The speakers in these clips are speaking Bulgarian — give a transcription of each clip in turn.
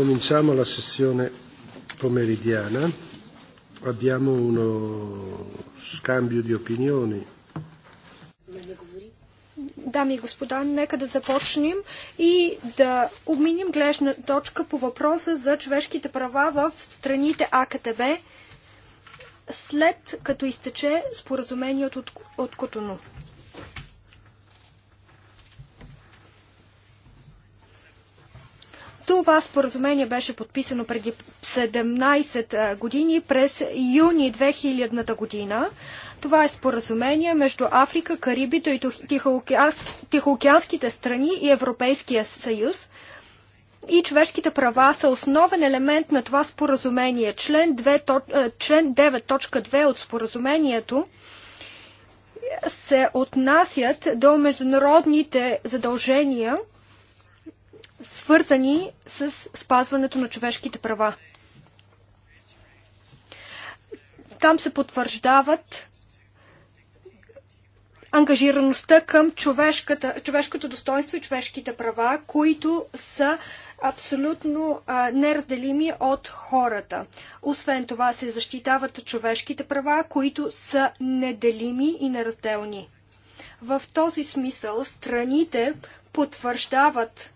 Cominciamo la sessione pomeridiana. Abbiamo uno scambio di opinioni. Дами и господа, нека да започнем и да обминем гледна точка по въпроса за човешките права в страните АКТБ след като изтече споразумението от, от Котону. Това споразумение беше подписано преди 17 години през юни 2000 година. Това е споразумение между Африка, Карибито и Тихоокеанските страни и Европейския съюз. И човешките права са основен елемент на това споразумение. Член, 2, член 9.2 от споразумението се отнасят до международните задължения – свързани с спазването на човешките права. Там се потвърждават ангажираността към човешкото достоинство и човешките права, които са абсолютно а, неразделими от хората. Освен това се защитават човешките права, които са неделими и неразделни. В този смисъл страните потвърждават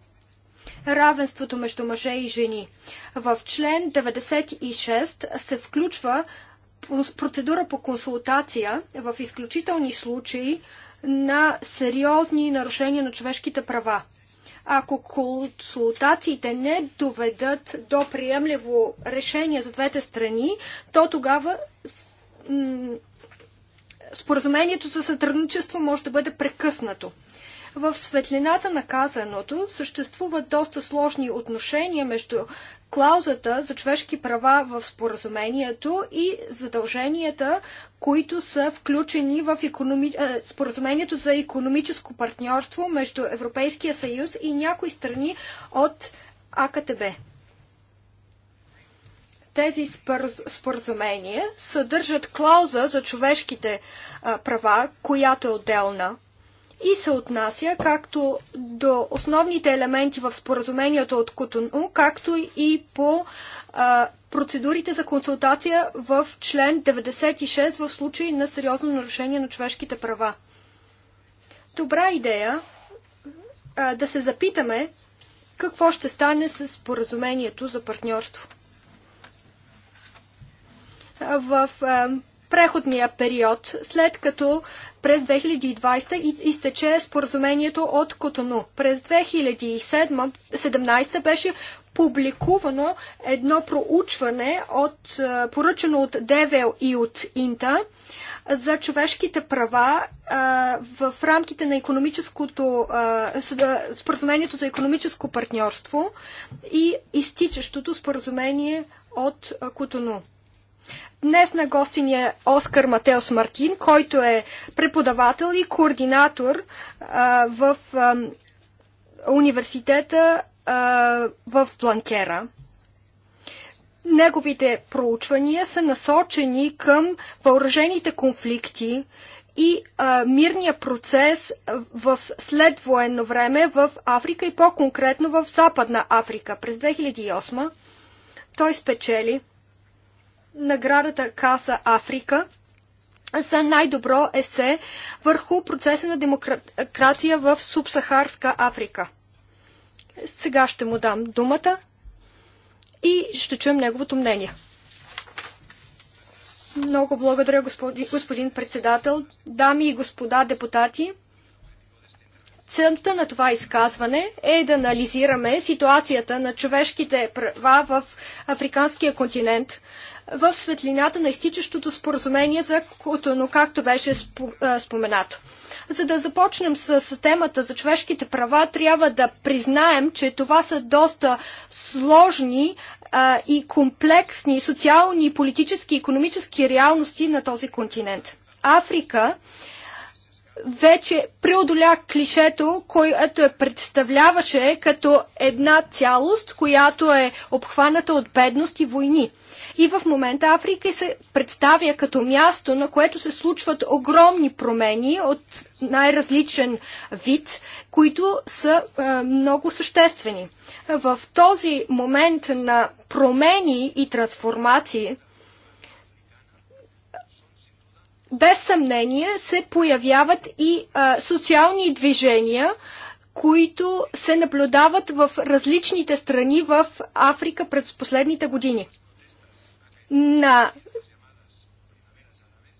равенството между мъже и жени. В член 96 се включва процедура по консултация в изключителни случаи на сериозни нарушения на човешките права. Ако консултациите не доведат до приемливо решение за двете страни, то тогава споразумението за сътрудничество може да бъде прекъснато. В светлината на казаното съществуват доста сложни отношения между клаузата за човешки права в споразумението и задълженията, които са включени в економи... Е, споразумението за економическо партньорство между Европейския съюз и някои страни от АКТБ. Тези споразумения съдържат клауза за човешките права, която е отделна и се отнася както до основните елементи в споразумението от Котону, както и по а, процедурите за консултация в член 96 в случай на сериозно нарушение на човешките права. Добра идея а, да се запитаме какво ще стане с споразумението за партньорство. В а, преходния период, след като през 2020 изтече споразумението от Котону. През 2017 беше публикувано едно проучване, от, е, поръчено от Девел и от Инта за човешките права е, в рамките на економическото е, споразумението за економическо партньорство и изтичащото споразумение от Котону. Днес на гости ни е Оскар Матеос Мартин, който е преподавател и координатор а, в а, университета а, в Бланкера. Неговите проучвания са насочени към въоръжените конфликти и а, мирния процес в следвоенно време в Африка и по-конкретно в Западна Африка. През 2008 той спечели наградата Каса Африка за най-добро есе върху процеса на демокрация в Субсахарска Африка. Сега ще му дам думата и ще чуем неговото мнение. Много благодаря, господин, господин председател, дами и господа депутати. Целта на това изказване е да анализираме ситуацията на човешките права в африканския континент в светлината на изтичащото споразумение за Котоно, както беше споменато. За да започнем с темата за човешките права, трябва да признаем, че това са доста сложни а, и комплексни социални, политически и економически реалности на този континент. Африка вече преодоля клишето, което е представляваше като една цялост, която е обхваната от бедност и войни – и в момента Африка се представя като място, на което се случват огромни промени от най-различен вид, които са е, много съществени. В този момент на промени и трансформации, без съмнение се появяват и а, е, социални движения, които се наблюдават в различните страни в Африка през последните години на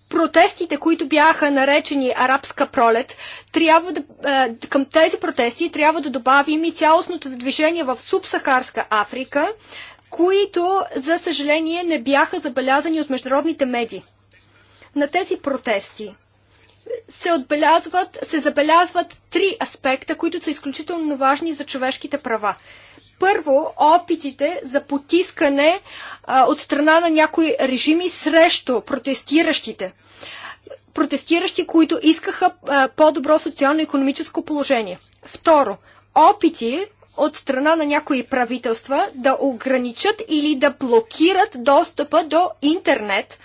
протестите, които бяха наречени арабска пролет, трябва да, е, към тези протести трябва да добавим и цялостното движение в субсахарска Африка, които, за съжаление, не бяха забелязани от международните медии. На тези протести се, отбелязват, се забелязват три аспекта, които са изключително важни за човешките права първо опитите за потискане а, от страна на някои режими срещу протестиращите. Протестиращи, които искаха по-добро социално-економическо положение. Второ, опити от страна на някои правителства да ограничат или да блокират достъпа до интернет,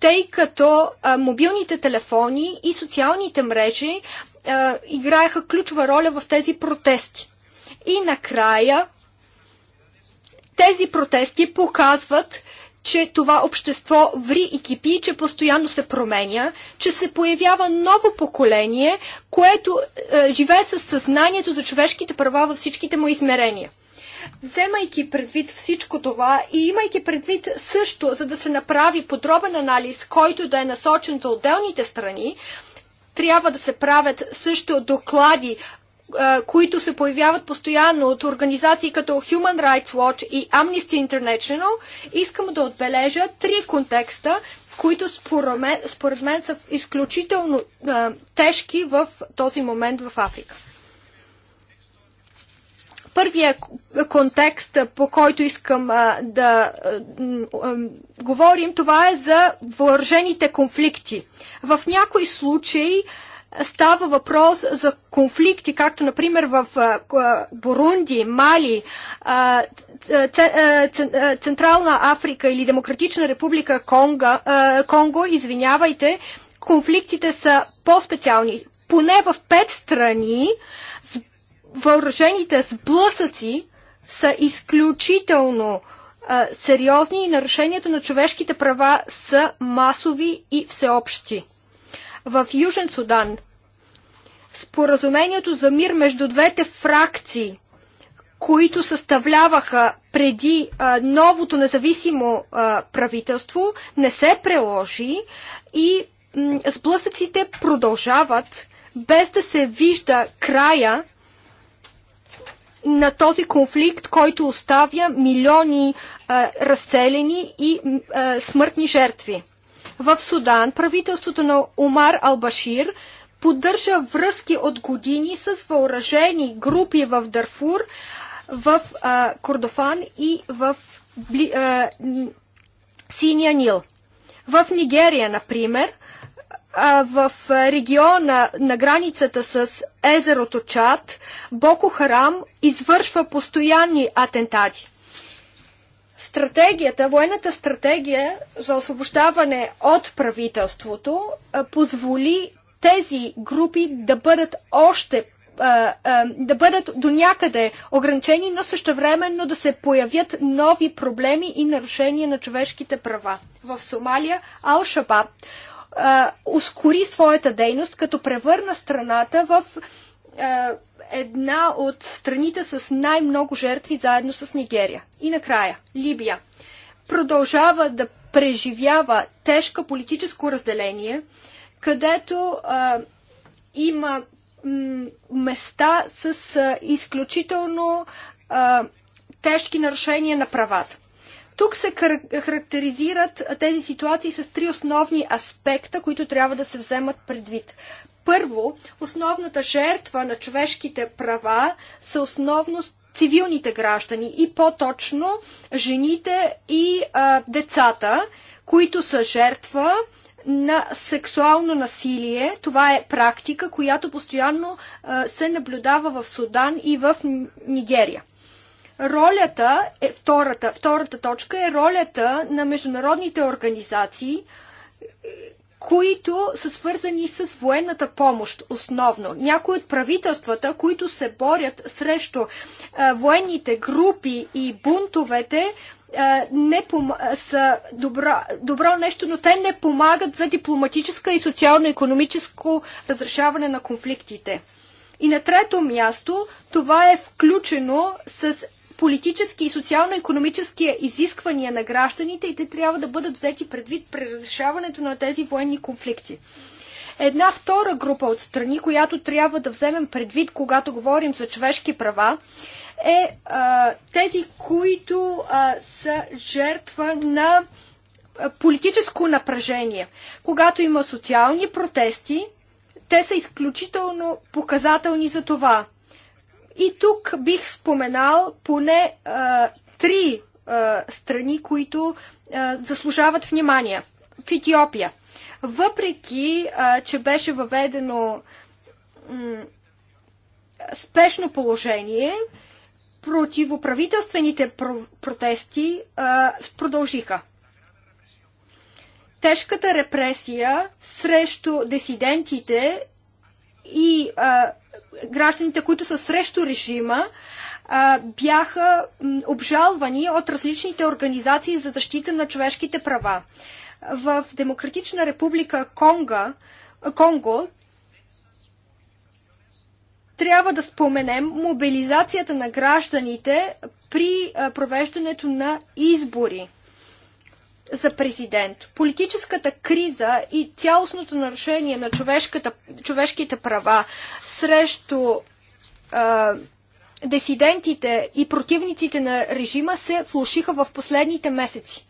тъй като а, мобилните телефони и социалните мрежи а, играеха ключова роля в тези протести. И накрая тези протести показват, че това общество ври и кипи, че постоянно се променя, че се появява ново поколение, което е, живее с съзнанието за човешките права във всичките му измерения. Вземайки предвид всичко това и имайки предвид също, за да се направи подробен анализ, който да е насочен за отделните страни, трябва да се правят също доклади които се появяват постоянно от организации като Human Rights Watch и Amnesty International, искам да отбележа три контекста, които според мен, според мен са изключително а, тежки в този момент в Африка. Първият е контекст, по който искам а, да а, а, говорим, това е за въоръжените конфликти. В някои случаи а, става въпрос за конфликти, както например в Бурунди, Мали, Централна Африка или Демократична република Конго, Конго извинявайте, конфликтите са по-специални. Поне в пет страни въоръжените сблъсъци са изключително сериозни и нарушенията на човешките права са масови и всеобщи в Южен Судан. Споразумението за мир между двете фракции, които съставляваха преди а, новото независимо а, правителство, не се приложи и сблъсъците продължават без да се вижда края на този конфликт, който оставя милиони а, разцелени и а, смъртни жертви. В Судан правителството на Умар Албашир поддържа връзки от години с въоръжени групи в Дарфур, в а, Кордофан и в бли, а, Синия Нил. В Нигерия, например, а, в региона на границата с езерото Чад, Боко Харам извършва постоянни атентати. Стратегията, военната стратегия за освобождаване от правителството позволи тези групи да бъдат още да бъдат до някъде ограничени, но същевременно да се появят нови проблеми и нарушения на човешките права. В Сомалия Ал-Шабаб ускори своята дейност, като превърна страната в една от страните с най-много жертви заедно с Нигерия. И накрая, Либия продължава да преживява тежка политическо разделение, където а, има места с а, изключително а, тежки нарушения на правата. Тук се характеризират тези ситуации с три основни аспекта, които трябва да се вземат предвид. Първо, основната жертва на човешките права са основно цивилните граждани и по-точно жените и а, децата, които са жертва на сексуално насилие. Това е практика, която постоянно а, се наблюдава в Судан и в Нигерия. Ролята е втората, втората точка е ролята на международните организации, които са свързани с военната помощ основно. Някои от правителствата, които се борят срещу а, военните групи и бунтовете, не пом... са добро, добро нещо, но те не помагат за дипломатическа и социално-економическо разрешаване на конфликтите. И на трето място това е включено с политически и социално-економически изисквания на гражданите и те трябва да бъдат взети предвид при разрешаването на тези военни конфликти. Една втора група от страни, която трябва да вземем предвид, когато говорим за човешки права, е а, тези, които а, са жертва на политическо напрежение. Когато има социални протести, те са изключително показателни за това. И тук бих споменал поне а, три а, страни, които а, заслужават внимание. В Етиопия. Въпреки, а, че беше въведено спешно положение, противоправителствените про- протести а, продължиха. Тежката репресия срещу дисидентите и а, гражданите, които са срещу режима, бяха обжалвани от различните организации за защита на човешките права. В Демократична република Конга, Конго трябва да споменем мобилизацията на гражданите при провеждането на избори за президент. Политическата криза и цялостното нарушение на човешките права срещу а, десидентите и противниците на режима се влушиха в последните месеци.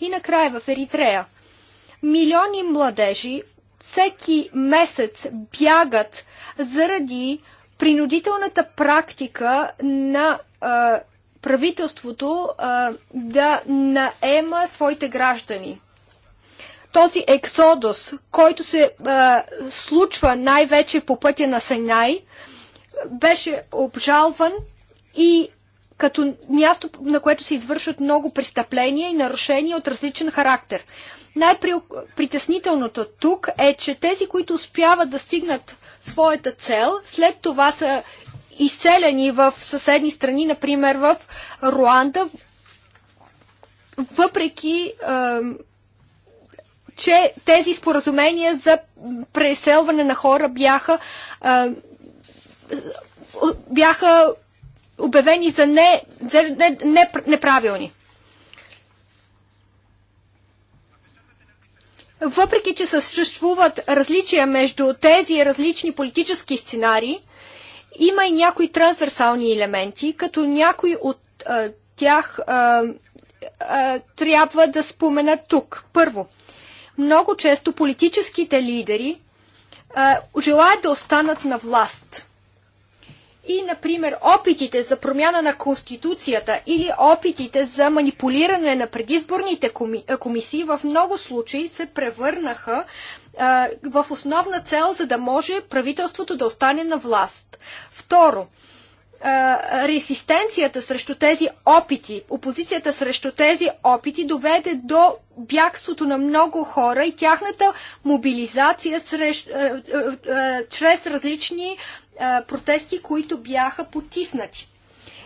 И накрая в Еритрея. Милиони младежи всеки месец бягат заради принудителната практика на а, правителството а, да наема своите граждани този ексодос, който се а, случва най-вече по пътя на Синай, беше обжалван и като място, на което се извършват много престъпления и нарушения от различен характер. Най-притеснителното тук е, че тези, които успяват да стигнат своята цел, след това са изселени в съседни страни, например в Руанда, въпреки че тези споразумения за преселване на хора бяха, а, бяха обявени за, не, не, не, неправилни. Въпреки, че съществуват различия между тези различни политически сценарии, има и някои трансверсални елементи, като някои от а, тях а, а, трябва да спомена тук. Първо, много често политическите лидери а, желаят да останат на власт. И, например, опитите за промяна на Конституцията или опитите за манипулиране на предизборните коми... комисии в много случаи се превърнаха а, в основна цел, за да може правителството да остане на власт. Второ, резистенцията срещу тези опити, опозицията срещу тези опити доведе до бягството на много хора и тяхната мобилизация срещ, а, а, чрез различни протести, които бяха потиснати.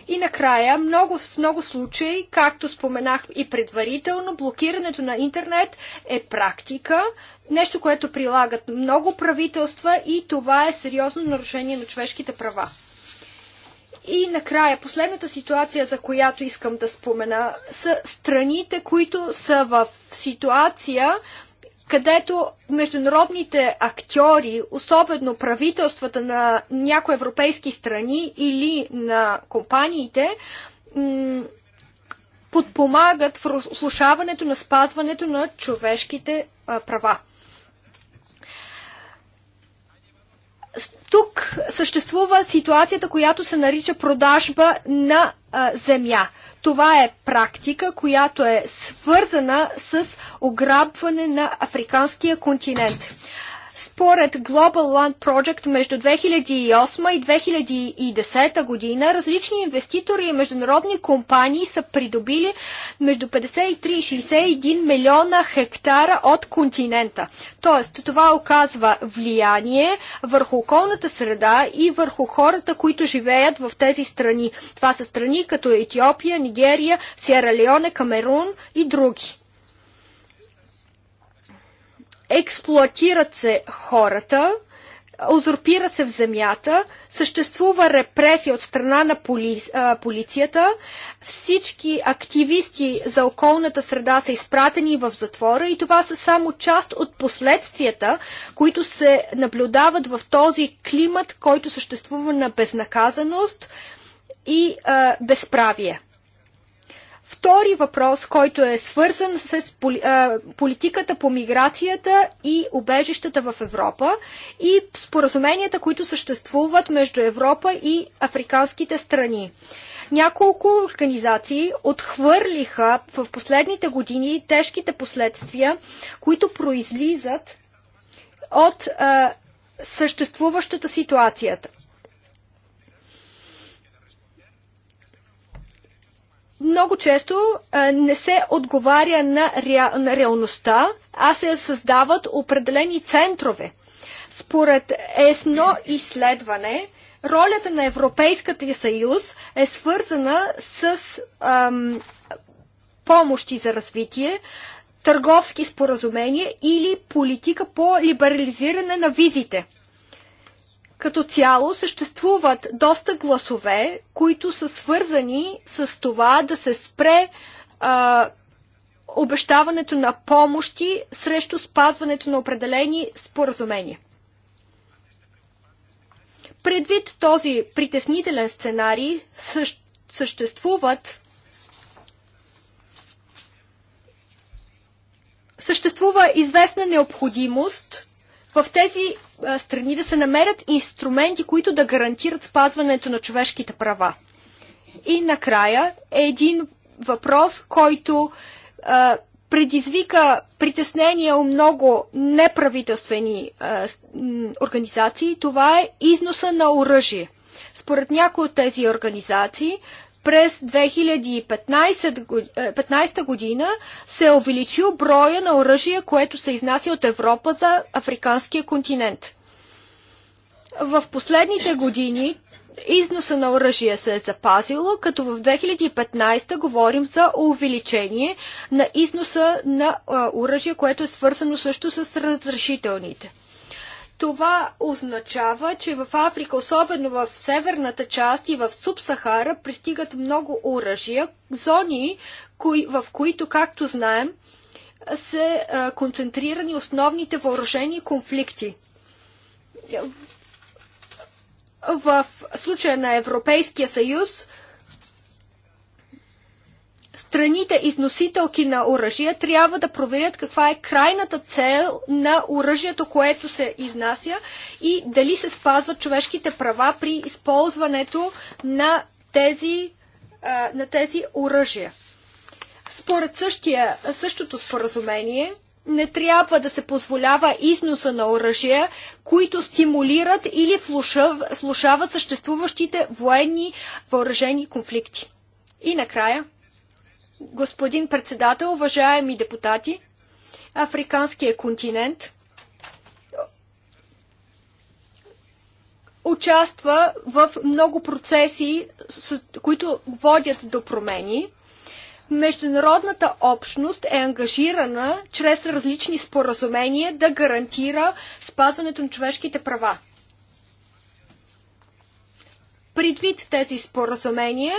И накрая, много, в много случаи, както споменах и предварително, блокирането на интернет е практика, нещо, което прилагат много правителства и това е сериозно нарушение на човешките права. И накрая, последната ситуация, за която искам да спомена, са страните, които са в ситуация, където международните актьори, особено правителствата на някои европейски страни или на компаниите, подпомагат в слушаването на спазването на човешките права. тук съществува ситуацията, която се нарича продажба на а, земя. Това е практика, която е свързана с ограбване на африканския континент. Според Global Land Project между 2008 и 2010 година различни инвеститори и международни компании са придобили между 53 и 61 милиона хектара от континента. Тоест, това оказва влияние върху околната среда и върху хората, които живеят в тези страни. Това са страни като Етиопия, Нигерия, Сиера Леоне, Камерун и други експлуатират се хората, узурпира се в земята, съществува репресия от страна на поли, а, полицията, всички активисти за околната среда са изпратени в затвора и това са само част от последствията, които се наблюдават в този климат, който съществува на безнаказаност и а, безправие. Втори въпрос, който е свързан с политиката по миграцията и убежищата в Европа и споразуменията, които съществуват между Европа и африканските страни. Няколко организации отхвърлиха в последните години тежките последствия, които произлизат от а, съществуващата ситуацията. много често а, не се отговаря на, реал, на реалността, а се създават определени центрове. Според есно изследване, ролята на Европейската съюз е свързана с ам, помощи за развитие, търговски споразумения или политика по либерализиране на визите – като цяло съществуват доста гласове, които са свързани с това да се спре а, обещаването на помощи срещу спазването на определени споразумения. Предвид този притеснителен сценарий съществуват съществува известна необходимост в тези страни да се намерят инструменти, които да гарантират спазването на човешките права. И накрая е един въпрос, който а, предизвика притеснения у много неправителствени а, организации. Това е износа на оръжие. Според някои от тези организации, през 2015 е, година се е увеличил броя на оръжия, което се изнася от Европа за африканския континент. В последните години износа на оръжие се е запазило, като в 2015 говорим за увеличение на износа на е, оръжие, което е свързано също с разрешителните. Това означава, че в Африка, особено в северната част и в Субсахара, пристигат много оръжия, зони, кои, в които, както знаем, са а, концентрирани основните въоръжени конфликти. В случая на Европейския съюз, страните износителки на оръжия трябва да проверят каква е крайната цел на оръжието, което се изнася и дали се спазват човешките права при използването на тези, на тези оръжия. Според същия, същото споразумение, не трябва да се позволява износа на оръжия, които стимулират или влушават съществуващите военни въоръжени конфликти. И накрая, Господин председател, уважаеми депутати, Африканския континент участва в много процеси, които водят до промени. Международната общност е ангажирана чрез различни споразумения да гарантира спазването на човешките права. Предвид тези споразумения,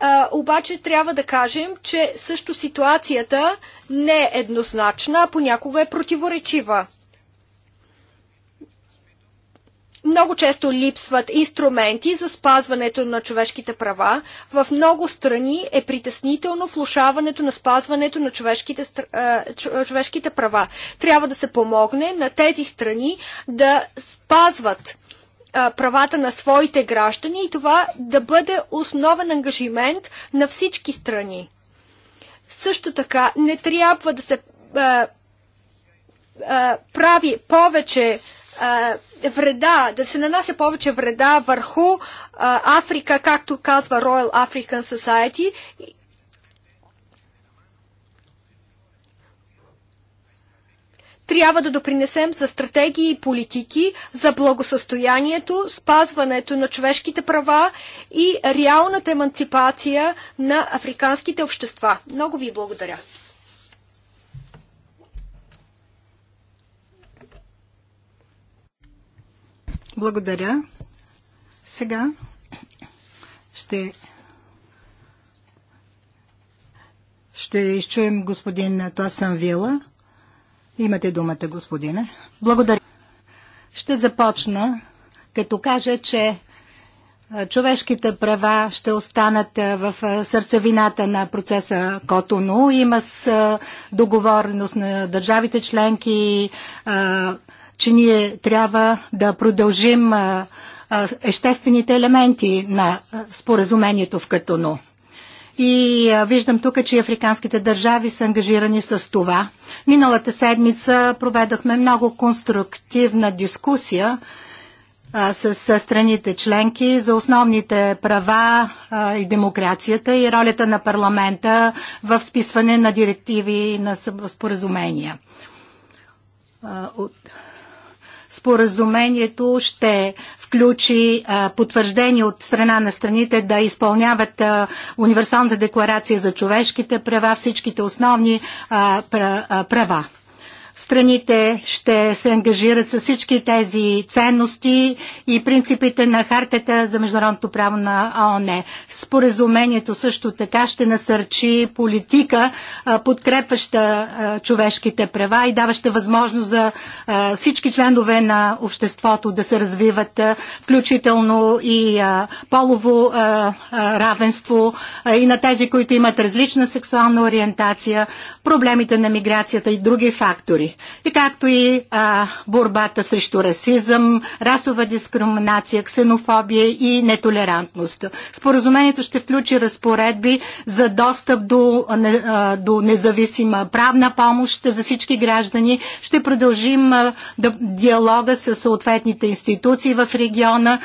а, обаче трябва да кажем, че също ситуацията не е еднозначна, а понякога е противоречива. Много често липсват инструменти за спазването на човешките права. В много страни е притеснително влушаването на спазването на човешките, човешките права. Трябва да се помогне на тези страни да спазват а, правата на своите граждани и това да бъде основен ангажимент на всички страни. Също така не трябва да се а, а, прави повече а, вреда, да се нанася повече вреда върху а, Африка, както казва Royal African Society, трябва да допринесем за стратегии и политики за благосъстоянието, спазването на човешките права и реалната еманципация на африканските общества. Много ви благодаря. Благодаря. Сега ще ще изчуем господин Тосан Вила. Имате думата, господине. Благодаря. Ще започна, като кажа, че човешките права ще останат в сърцевината на процеса Котоно. Има с договорност на държавите членки, че ние трябва да продължим естествените елементи на споразумението в Катоно и виждам тук, че африканските държави са ангажирани с това. Миналата седмица проведохме много конструктивна дискусия с страните членки за основните права и демокрацията и ролята на парламента в списване на директиви и на споразумения. От споразумението ще включи а, потвърждение от страна на страните да изпълняват а, Универсалната декларация за човешките права, всичките основни а, права страните ще се ангажират с всички тези ценности и принципите на хартата за международното право на ООН. Споразумението също така ще насърчи политика, подкрепаща човешките права и даваща възможност за всички членове на обществото да се развиват, включително и полово равенство и на тези, които имат различна сексуална ориентация, проблемите на миграцията и други фактори партньори. И както и а, борбата срещу расизъм, расова дискриминация, ксенофобия и нетолерантност. Споразумението ще включи разпоредби за достъп до, а, до независима правна помощ за всички граждани. Ще продължим а, да, диалога с съответните институции в региона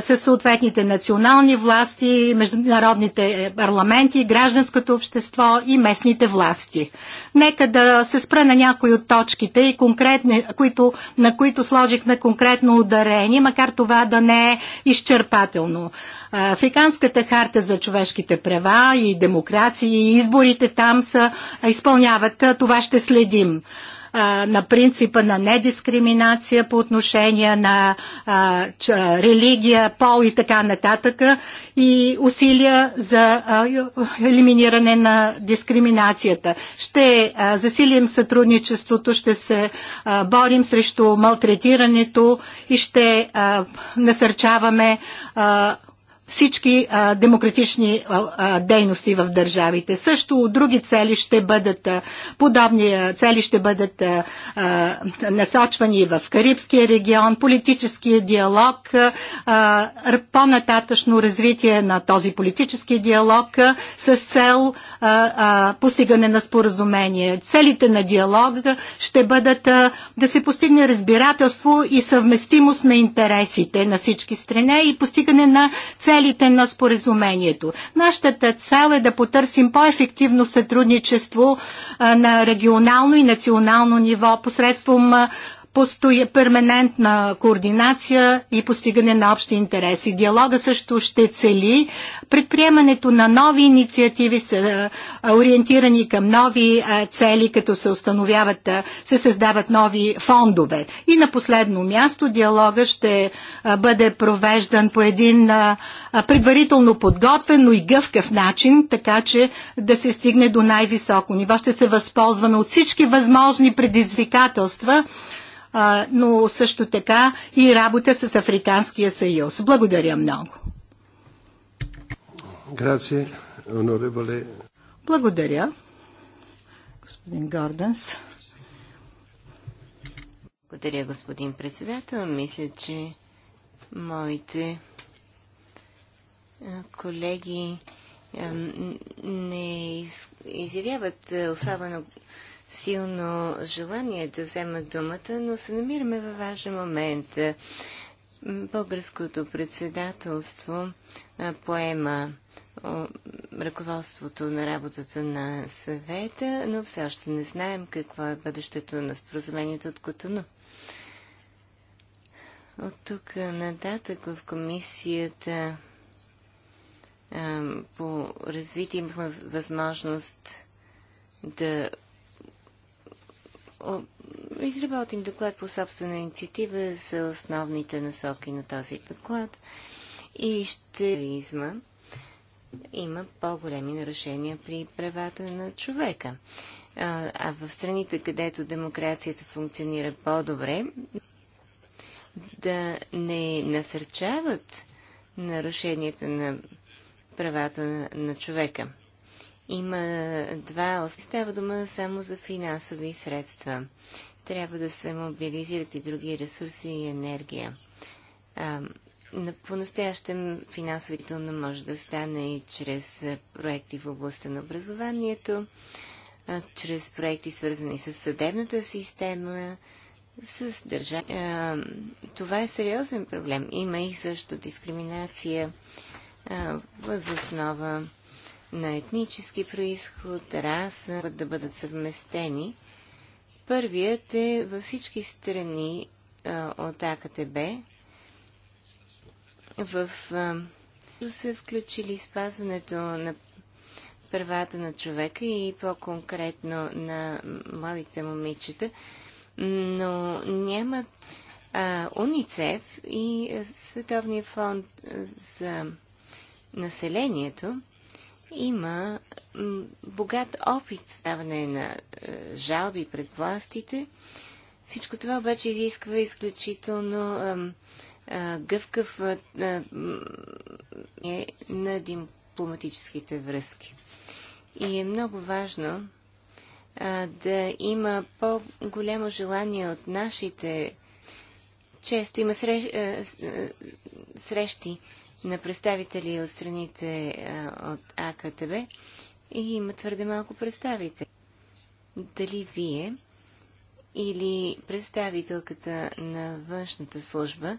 със съответните национални власти, международните е, парламенти, гражданското общество и местните власти. Нека да се спра на някои от точките, и конкретни, които, на които сложихме конкретно ударение, макар това да не е изчерпателно. Африканската харта за човешките права и демокрация и изборите там са, изпълняват. Това ще следим на принципа на недискриминация по отношение на а, ч, религия, пол и така нататък и усилия за а, елиминиране на дискриминацията. Ще а, засилим сътрудничеството, ще се а, борим срещу малтретирането и ще а, насърчаваме а, всички а, демократични а, а, дейности в държавите. Също други цели ще бъдат, а, подобни цели ще бъдат а, а, насочвани в Карибския регион, политическия диалог, по-нататъчно развитие на този политически диалог а, с цел а, а, постигане на споразумение. Целите на диалога ще бъдат а, да се постигне разбирателство и съвместимост на интересите на всички страни и постигане на цели целите на споразумението. Нашата цел е да потърсим по-ефективно сътрудничество на регионално и национално ниво посредством постоя, перманентна координация и постигане на общи интереси. Диалога също ще цели предприемането на нови инициативи, са ориентирани към нови цели, като се установяват, се създават нови фондове. И на последно място диалога ще бъде провеждан по един предварително подготвен, но и гъвкав начин, така че да се стигне до най-високо ниво. Ще се възползваме от всички възможни предизвикателства, а, но също така и работа с Африканския съюз. Благодаря много. Благодаря, господин Гордънс. Благодаря, господин председател. Мисля, че моите колеги не изявяват особено силно желание да взема думата, но се намираме във важен момент. Българското председателство поема ръководството на работата на съвета, но все още не знаем какво е бъдещето на споразумението от Котону. От тук нататък в комисията по развитие имахме възможност да изработим доклад по собствена инициатива за основните насоки на този доклад и ще изма има по-големи нарушения при правата на човека. А, в страните, където демокрацията функционира по-добре, да не насърчават нарушенията на правата на човека. Има два оси. Става дума само за финансови средства. Трябва да се мобилизират и други ресурси и енергия. А, по-настоящем финансовите може да стане и чрез проекти в областта на образованието, а, чрез проекти свързани с съдебната система, с държава. Това е сериозен проблем. Има и също дискриминация въз основа на етнически происход, раса, да бъдат съвместени. Първият е във всички страни а, от АКТБ. В а, са включили спазването на правата на човека и по-конкретно на младите момичета, но нямат а, УНИЦЕФ и Световния фонд за населението има богат опит в даване на е, жалби пред властите. Всичко това обаче изисква изключително гъвкав е на дипломатическите връзки. И е много важно да има по-голямо желание от нашите. Често има е, срещи на представители от страните е, от АКТБ и има твърде малко представители. Дали вие или представителката на външната служба,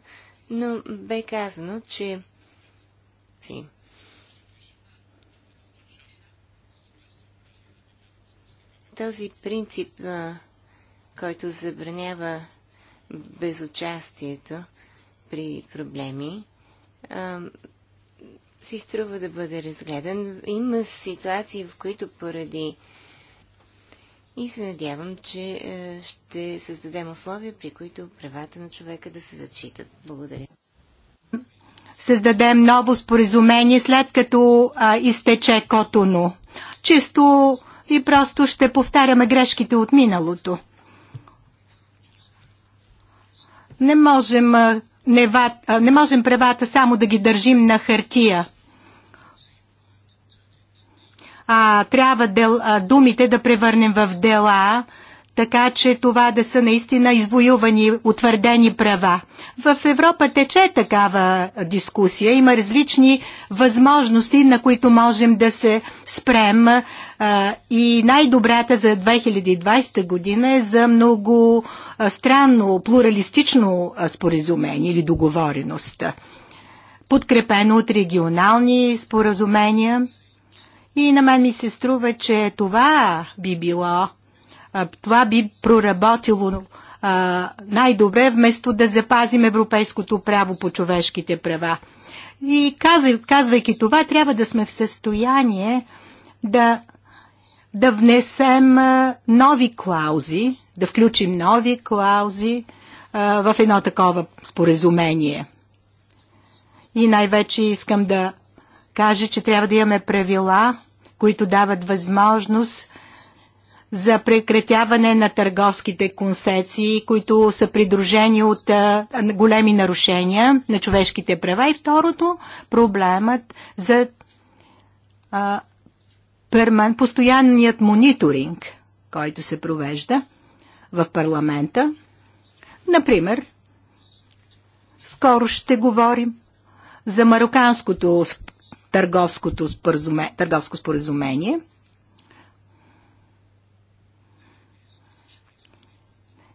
но бе казано, че си. Този принцип, е, който забранява безучастието при проблеми, а, си струва да бъде разгледан. Има ситуации, в които поради и се надявам, че ще създадем условия, при които правата на човека да се зачитат. Благодаря. Създадем ново споразумение, след като а, изтече Котоно. Чисто и просто ще повтаряме грешките от миналото. Не можем а, а, не можем правата само да ги държим на хартия. А, трябва дел, а, думите да превърнем в дела, така че това да са наистина извоювани, утвърдени права. В Европа тече такава дискусия. Има различни възможности, на които можем да се спрем. И най-добрата за 2020 година е за много странно, плуралистично споразумение или договореност, подкрепено от регионални споразумения. И на мен ми се струва, че това би било това би проработило най-добре, вместо да запазим европейското право по човешките права. И казвайки това, трябва да сме в състояние да, да внесем нови клаузи, да включим нови клаузи в едно такова споразумение. И най-вече искам да кажа, че трябва да имаме правила, които дават възможност за прекратяване на търговските концесии, които са придружени от големи нарушения на човешките права. И второто, проблемът за постоянният мониторинг, който се провежда в парламента. Например, скоро ще говорим за мароканското търговско споразумение –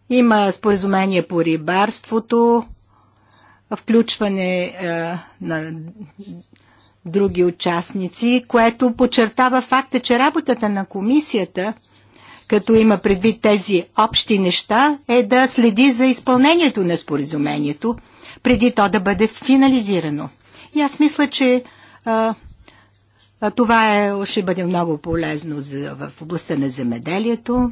Има споразумение по рибарството, включване е, на други участници, което подчертава факта, че работата на комисията, като има предвид тези общи неща, е да следи за изпълнението на споразумението, преди то да бъде финализирано. И аз мисля, че а, е, а е, това е, ще бъде много полезно за, в областта на земеделието.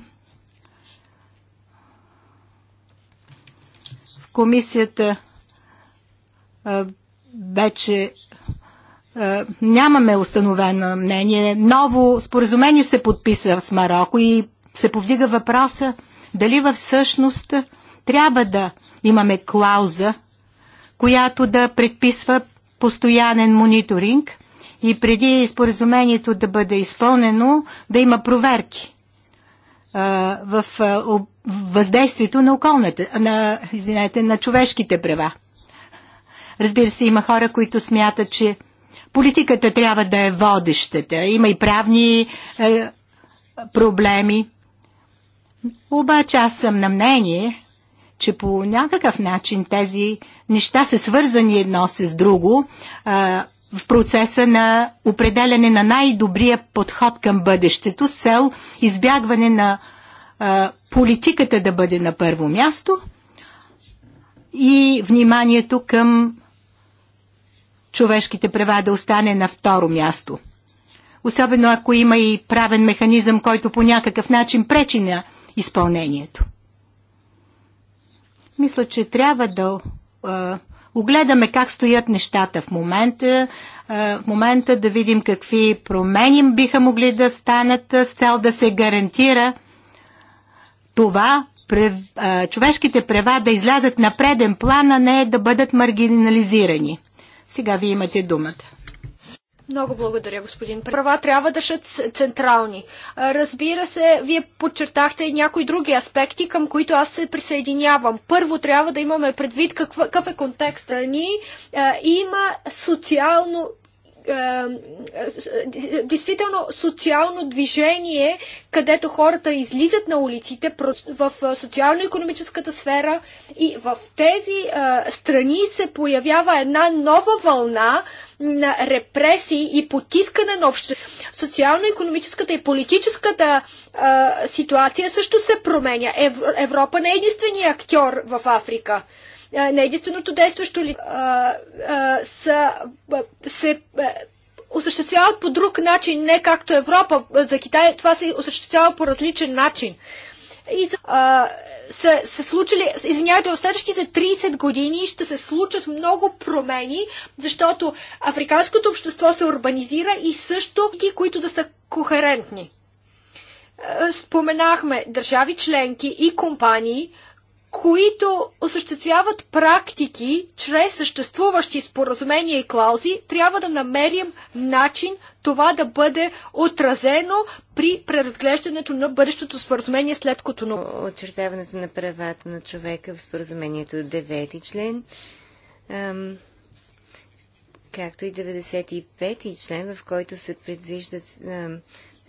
комисията вече нямаме установено мнение. Ново споразумение се подписа с Марокко и се повдига въпроса дали във всъщност трябва да имаме клауза, която да предписва постоянен мониторинг и преди споразумението да бъде изпълнено, да има проверки в въздействието на околната, на, извинете, на човешките права. Разбира се, има хора, които смятат, че политиката трябва да е водещата. Има и правни е, проблеми. Обаче аз съм на мнение, че по някакъв начин тези неща са свързани едно с друго е, в процеса на определене на най-добрия подход към бъдещето с цел избягване на политиката да бъде на първо място и вниманието към човешките права да остане на второ място. Особено ако има и правен механизъм, който по някакъв начин пречи на изпълнението. Мисля, че трябва да е, огледаме как стоят нещата в момента, в момента да видим какви промени биха могли да станат с цел да се гарантира това прев, а, човешките права да излязат на преден план, а не да бъдат маргинализирани. Сега ви имате думата. Много благодаря, господин. Права трябва да са централни. Разбира се, вие подчертахте и някои други аспекти, към които аз се присъединявам. Първо трябва да имаме предвид какъв, какъв е контекста ни. Има социално действително социално движение, където хората излизат на улиците в социално-економическата сфера и в тези страни се появява една нова вълна на репресии и потискане на обществото. Социално-економическата и политическата ситуация също се променя. Ев... Европа не е единствения актьор в Африка на единственото действащо ли са, се осъществяват по друг начин, не както Европа. За Китай това се осъществява по различен начин. И а, са се случили, извинявайте, в следващите 30 години ще се случат много промени, защото африканското общество се урбанизира и също, ги, които да са кохерентни. Споменахме държави членки и компании, които осъществяват практики чрез съществуващи споразумения и клаузи, трябва да намерим начин това да бъде отразено при преразглеждането на бъдещото споразумение след като... Очертаването на правата на човека в споразумението 9 член, ам, както и 95 член, в който се предвиждат ам,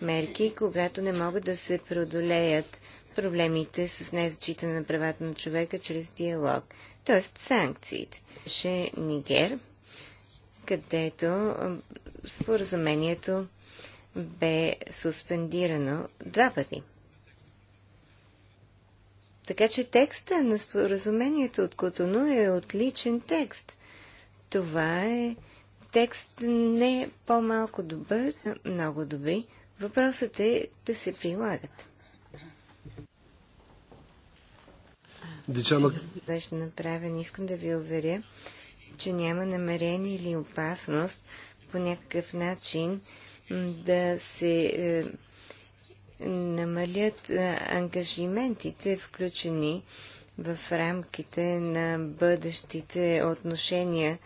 мерки, когато не могат да се преодолеят проблемите с незачитане на правата на човека чрез диалог, т.е. санкциите. Беше Нигер, където споразумението бе суспендирано два пъти. Така че текста на споразумението от Котону е отличен текст. Това е текст не по-малко добър, много добри. Въпросът е да се прилагат. diciamo... беше направен. Искам да ви уверя, че няма намерение или опасност по някакъв начин да се е, намалят е, ангажиментите, включени в рамките на бъдещите отношения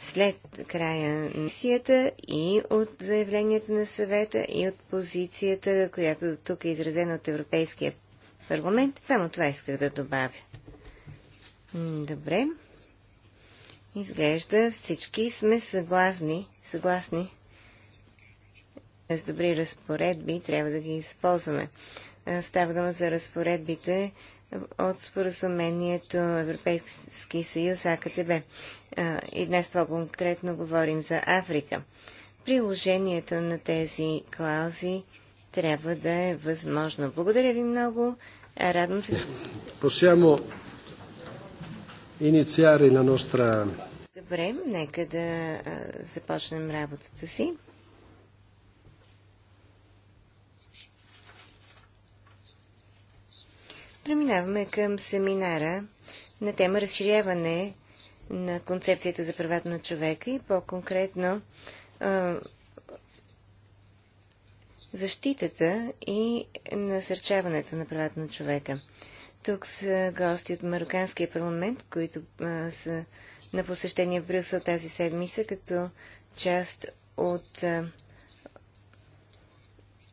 след края на мисията и от заявленията на съвета и от позицията, която тук е изразена от Европейския парламент. Само това исках да добавя. Добре. Изглежда всички сме съгласни, съгласни с добри разпоредби, трябва да ги използваме. Става дума за разпоредбите от споразумението Европейски съюз АКТБ. И днес по-конкретно говорим за Африка. Приложението на тези клаузи трябва да е възможно. Благодаря ви много. Радвам се. Посямо инициари на ностра... Добре, нека да започнем работата си. Преминаваме към семинара на тема разширяване на концепцията за правата на човека и по-конкретно защитата и насърчаването на правата на човека. Тук са гости от Марокканския парламент, които а, са на посещение в Брюсел тази седмица, като част от а,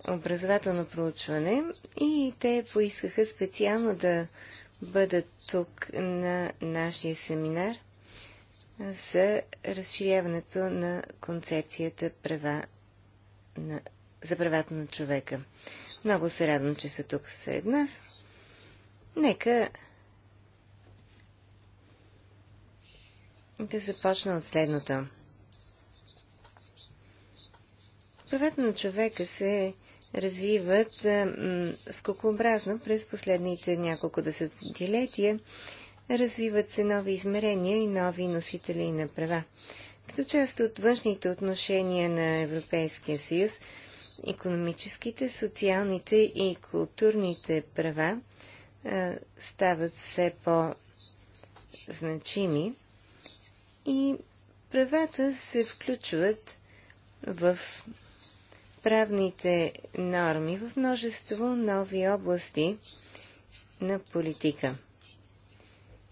образователно проучване и те поискаха специално да бъдат тук на нашия семинар за разширяването на концепцията права на за правата на човека. Много се радвам, че са тук сред нас. Нека да започна от следното. Правата на човека се развиват скокообразно през последните няколко десетилетия. Развиват се нови измерения и нови носители на права. Като част от външните отношения на Европейския съюз, економическите, социалните и културните права а, стават все по-значими и правата се включват в правните норми в множество нови области на политика.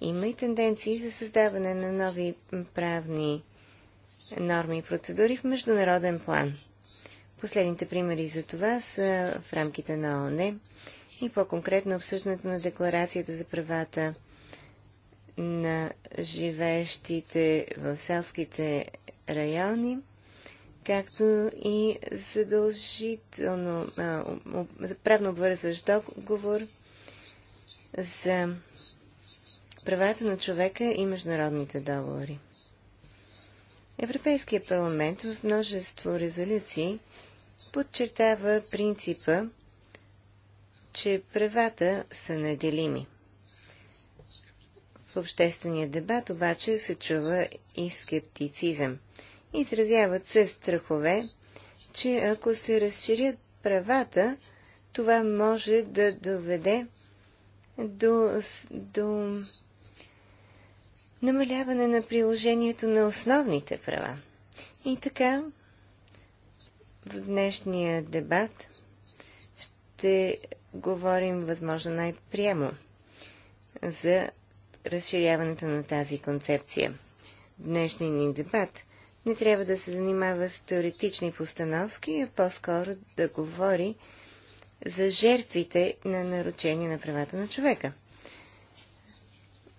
Има и тенденции за създаване на нови правни норми и процедури в международен план. Последните примери за това са в рамките на ООН и по-конкретно обсъждането на Декларацията за правата на живеещите в селските райони, както и задължително правно обвързващ договор за правата на човека и международните договори. Европейския парламент в множество резолюции подчертава принципа, че правата са неделими. В обществения дебат обаче се чува и скептицизъм. Изразяват се страхове, че ако се разширят правата, това може да доведе до, до намаляване на приложението на основните права. И така, в днешния дебат ще говорим възможно най-прямо за разширяването на тази концепция. Днешният ни дебат не трябва да се занимава с теоретични постановки, а по-скоро да говори за жертвите на нарушение на правата на човека.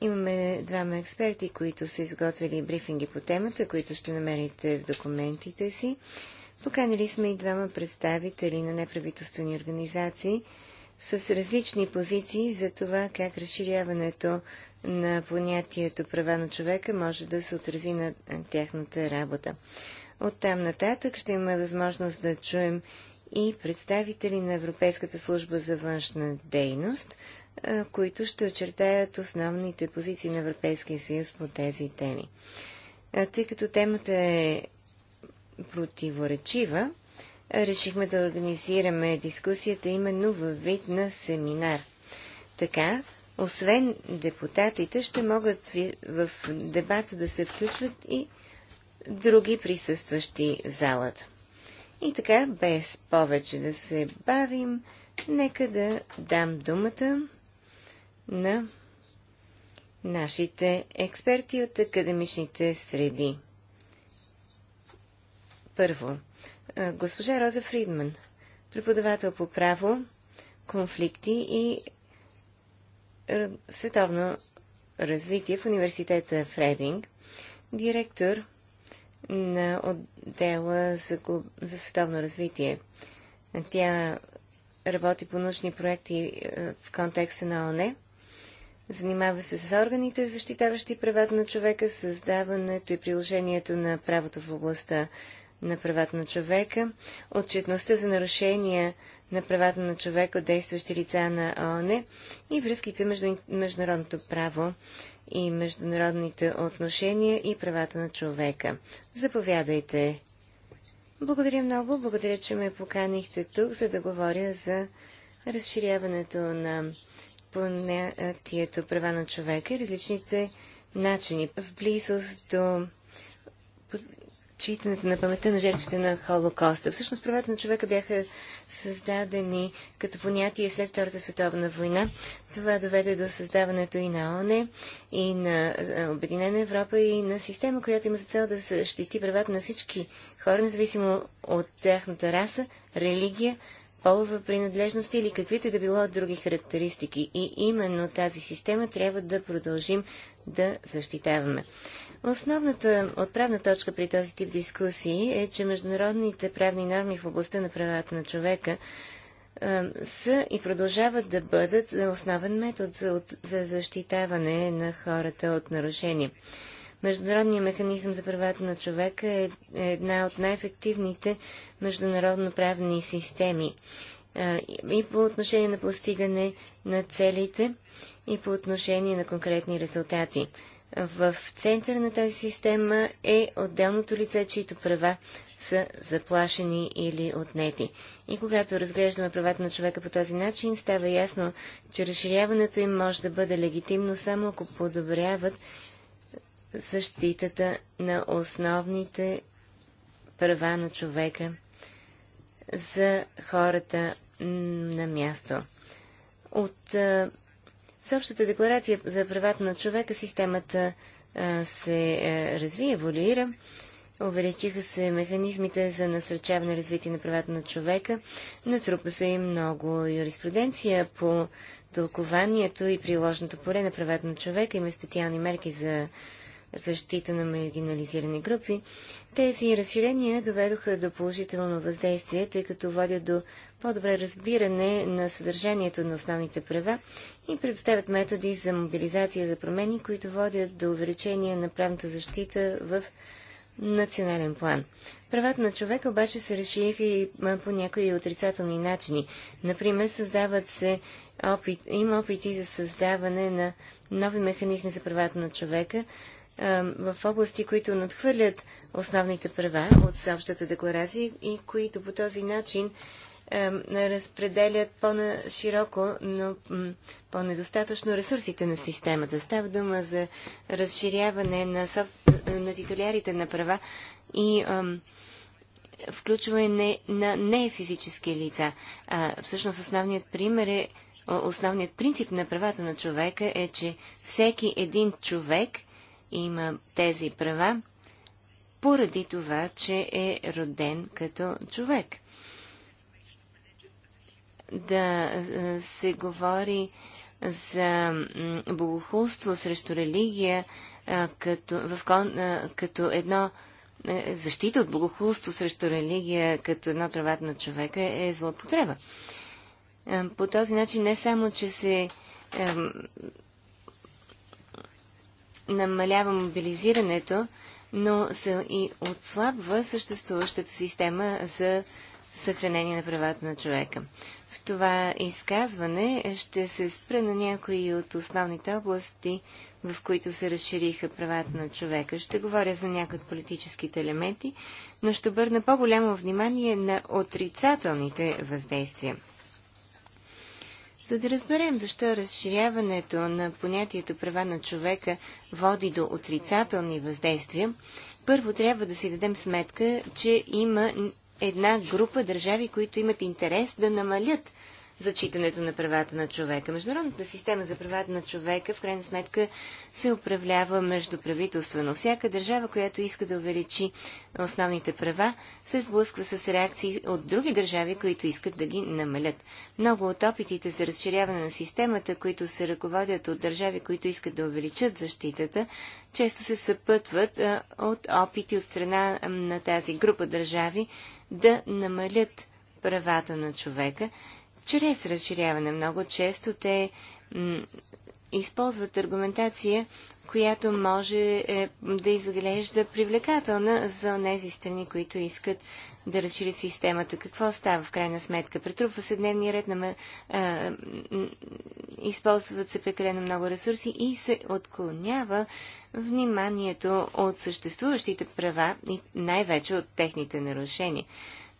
Имаме двама експерти, които са изготвили брифинги по темата, които ще намерите в документите си. Поканили сме и двама представители на неправителствени организации с различни позиции за това как разширяването на понятието права на човека може да се отрази на тяхната работа. От там нататък ще имаме възможност да чуем и представители на Европейската служба за външна дейност – които ще очертаят основните позиции на Европейския съюз по тези теми. Тъй като темата е противоречива, решихме да организираме дискусията именно във вид на семинар. Така, освен депутатите, ще могат в дебата да се включват и други присъстващи в залата. И така, без повече да се бавим, нека да дам думата на нашите експерти от академичните среди. Първо, госпожа Роза Фридман, преподавател по право, конфликти и световно развитие в университета Фрединг, директор на отдела за, за световно развитие. Тя работи по научни проекти в контекста на ОНЕ Занимава се с органите, защитаващи правата на човека, създаването и приложението на правото в областта на правата на човека, отчетността за нарушения на правата на човека от действащи лица на ООН и връзките между международното право и международните отношения и правата на човека. Заповядайте. Благодаря много. Благодаря, че ме поканихте тук, за да говоря за разширяването на понятието права на човека и различните начини в близост до читането на паметта на жертвите на Холокоста. Всъщност правата на човека бяха създадени като понятие след Втората световна война. Това доведе до създаването и на ОНЕ, и на е, Обединена Европа, и на система, която има за цел да защити правата на всички хора, независимо от тяхната раса, религия, полова принадлежност или каквито и да било други характеристики. И именно тази система трябва да продължим да защитаваме. Основната отправна точка при този тип дискусии е, че международните правни норми в областта на правата на човека са и продължават да бъдат основен метод за защитаване на хората от нарушения. Международният механизъм за правата на човека е, е една от най-ефективните международно правни системи и по отношение на постигане на целите, и по отношение на конкретни резултати. В център на тази система е отделното лице, чието права са заплашени или отнети. И когато разглеждаме правата на човека по този начин, става ясно, че разширяването им може да бъде легитимно само ако подобряват защитата на основните права на човека за хората на място. От Съобщата декларация за правата на човека системата се разви, еволюира. Увеличиха се механизмите за насърчаване развитие на правата на човека. Натрупа се и много юриспруденция по тълкованието и приложното поле на правата на човека. Има специални мерки за защита на маргинализирани групи. Тези разширения доведоха до положително въздействие, тъй като водят до по-добре разбиране на съдържанието на основните права и предоставят методи за мобилизация за промени, които водят до увеличение на правната защита в национален план. Правата на човека обаче се решиха и по някои отрицателни начини. Например, създават се опит, има опити за създаване на нови механизми за правата на човека, в области, които надхвърлят основните права от Съобщата декларация и които по този начин разпределят по-широко, но по-недостатъчно ресурсите на системата. Става дума за разширяване на, соб... на титулярите на права и включване на нефизически лица. А, всъщност основният пример е, основният принцип на правата на човека е, че всеки един човек – има тези права, поради това, че е роден като човек. Да се говори за богохулство срещу религия като, в, като едно е, защита от богохулство срещу религия като едно правата на човека е злоупотреба. По този начин не само, че се намалява мобилизирането, но се и отслабва съществуващата система за съхранение на правата на човека. В това изказване ще се спра на някои от основните области, в които се разшириха правата на човека. Ще говоря за някои от политическите елементи, но ще обърна по-голямо внимание на отрицателните въздействия за да разберем защо разширяването на понятието права на човека води до отрицателни въздействия, първо трябва да си дадем сметка, че има една група държави, които имат интерес да намалят зачитането на правата на човека. Международната система за правата на човека в крайна сметка се управлява междуправителствено. Всяка държава, която иска да увеличи основните права, се сблъсква с реакции от други държави, които искат да ги намалят. Много от опитите за разширяване на системата, които се ръководят от държави, които искат да увеличат защитата, често се съпътват от опити от страна на тази група държави да намалят правата на човека чрез разширяване. Много често те използват аргументация, която може е, да изглежда привлекателна за тези страни, които искат да разширят системата. Какво става в крайна сметка? Претрупва се дневния ред, на, е, използват се прекалено много ресурси и се отклонява вниманието от съществуващите права и най-вече от техните нарушения.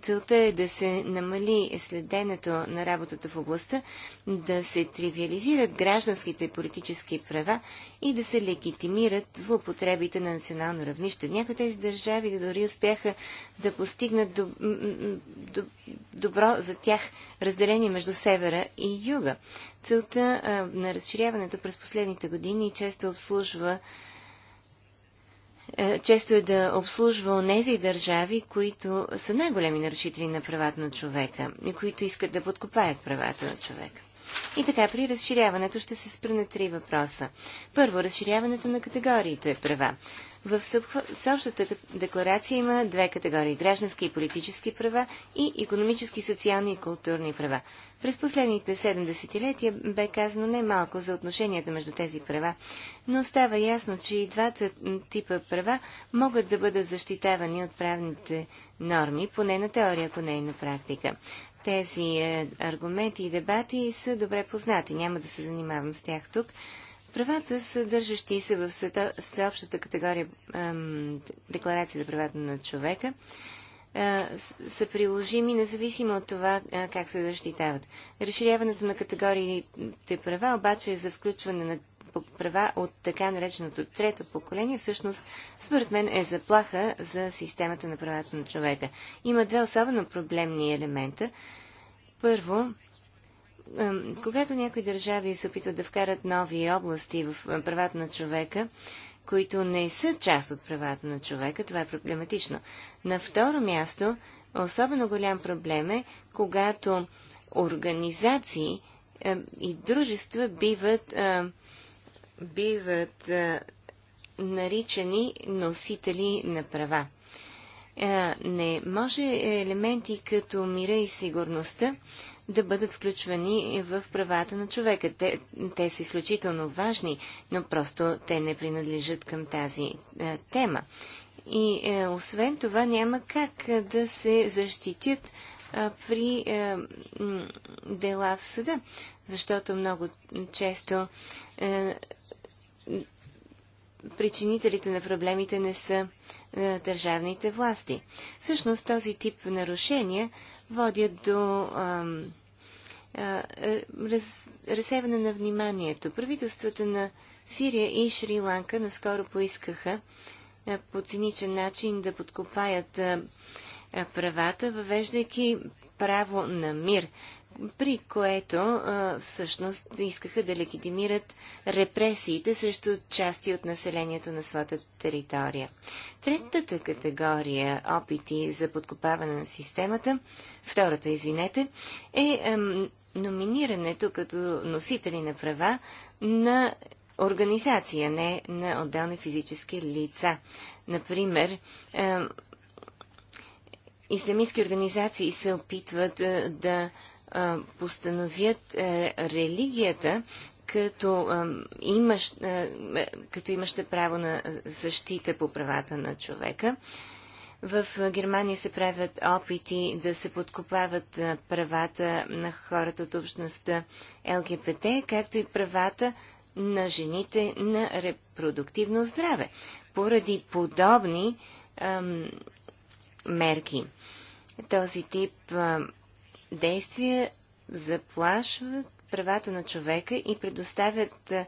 Целта е да се намали следенето на работата в областта, да се тривиализират гражданските и политически права и да се легитимират злоупотребите на национално равнище. Някои тези държави дори успяха да постигнат доб... Доб... добро за тях разделение между севера и юга. Целта а, на разширяването през последните години често обслужва е, често е да обслужва онези държави, които са най-големи нарушители на правата на човека и които искат да подкопаят правата на човека. И така при разширяването ще се спра на три въпроса. Първо, разширяването на категориите права. В същата декларация има две категории – граждански и политически права и економически, социални и културни права. През последните 7 десетилетия бе казано немалко за отношенията между тези права, но става ясно, че и двата типа права могат да бъдат защитавани от правните норми, поне на теория, ако не и на практика. Тези е, аргументи и дебати са добре познати. Няма да се занимавам с тях тук. Правата, съдържащи се в съобщата категория ем, Декларация за правата на човека, е, са приложими независимо от това е, как се защитават. Разширяването на категориите права обаче е за включване на права от така нареченото трето поколение, всъщност, според мен, е заплаха за системата на правата на човека. Има две особено проблемни елемента. Първо, когато някои държави се опитват да вкарат нови области в правата на човека, които не са част от правата на човека, това е проблематично. На второ място, особено голям проблем е, когато организации и дружества биват биват наричани носители на права. не може елементи като мира и сигурността да бъдат включвани в правата на човека. Те, те са изключително важни, но просто те не принадлежат към тази тема. И е, освен това няма как да се защитят при е, дела в съда, защото много често е, причинителите на проблемите не са е, държавните власти. Всъщност този тип нарушения водят до раз, разсеване на вниманието. Правителствата на Сирия и Шри-Ланка наскоро поискаха е, по циничен начин да подкопаят е, правата, въвеждайки право на мир при което а, всъщност искаха да легитимират репресиите срещу части от населението на своята територия. Третата категория опити за подкопаване на системата, втората, извинете, е ам, номинирането като носители на права на организация, не на отделни физически лица. Например, ам, исламистски организации се опитват да постановят е, религията като, а, имаш, е, като имаща право на защита по правата на човека. В Германия се правят опити да се подкопават правата на хората от общността ЛГПТ, както и правата на жените на репродуктивно здраве, поради подобни ам, мерки. Този тип ам, действия заплашват правата на човека и предоставят е,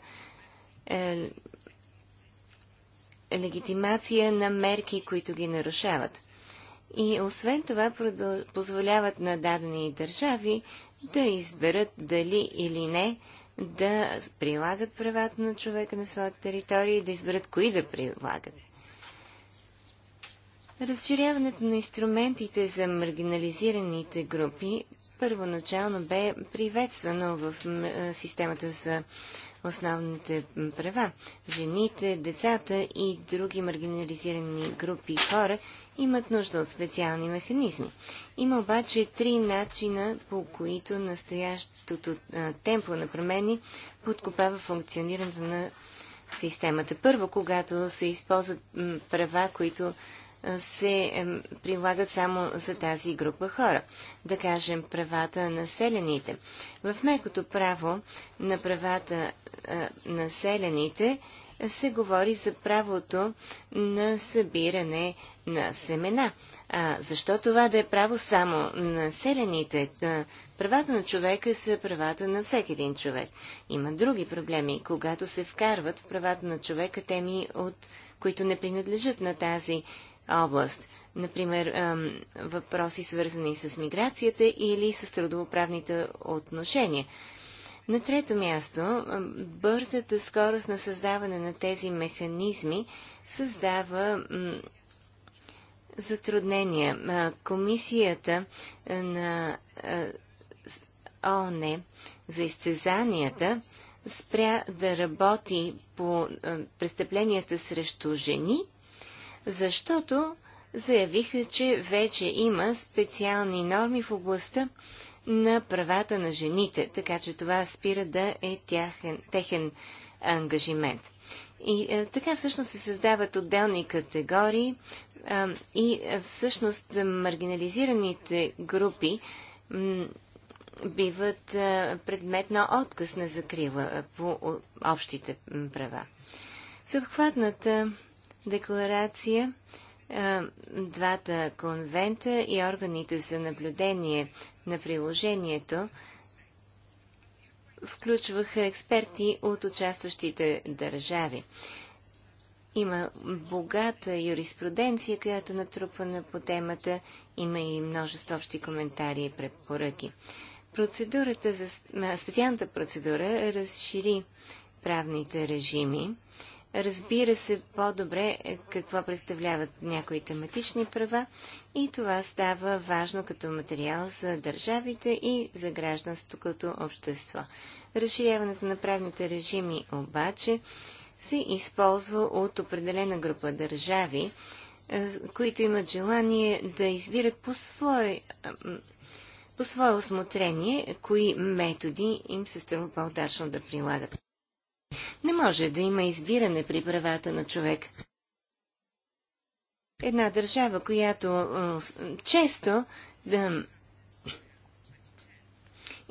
е, легитимация на мерки, които ги нарушават. И освен това позволяват на дадени държави да изберат дали или не да прилагат правата на човека на своята територия и да изберат кои да прилагат. Разширяването на инструментите за маргинализираните групи първоначално бе приветствано в системата за основните права. Жените, децата и други маргинализирани групи хора имат нужда от специални механизми. Има обаче три начина, по които настоящото темпо на промени подкопава функционирането на системата. Първо, когато се използват права, които се прилагат само за тази група хора. Да кажем, правата на селените. В мекото право на правата е, на селените се говори за правото на събиране на семена. А защо това да е право само на селените? Правата на човека са правата на всеки един човек. Има други проблеми, когато се вкарват в правата на човека теми, от които не принадлежат на тази област. Например, въпроси свързани с миграцията или с трудовоправните отношения. На трето място, бързата скорост на създаване на тези механизми създава затруднения. Комисията на ООН за изтезанията спря да работи по престъпленията срещу жени защото заявиха, че вече има специални норми в областта на правата на жените, така че това спира да е тяхен, техен ангажимент. И е, така всъщност се създават отделни категории е, и е, всъщност маргинализираните групи биват е, предмет на отказ на закрива е, по общите права. Съвхватната декларация двата конвента и органите за наблюдение на приложението включваха експерти от участващите държави. Има богата юриспруденция, която натрупана по темата, има и множество общи коментари и препоръки. Процедурата за, специалната процедура разшири правните режими разбира се по-добре е, какво представляват някои тематични права и това става важно като материал за държавите и за гражданството като общество. Разширяването на правните режими обаче се използва от определена група държави, е, които имат желание да избират по свой е, по свое осмотрение, кои методи им се струва по-удачно да прилагат. Не може да има избиране при правата на човек. Една държава, която често да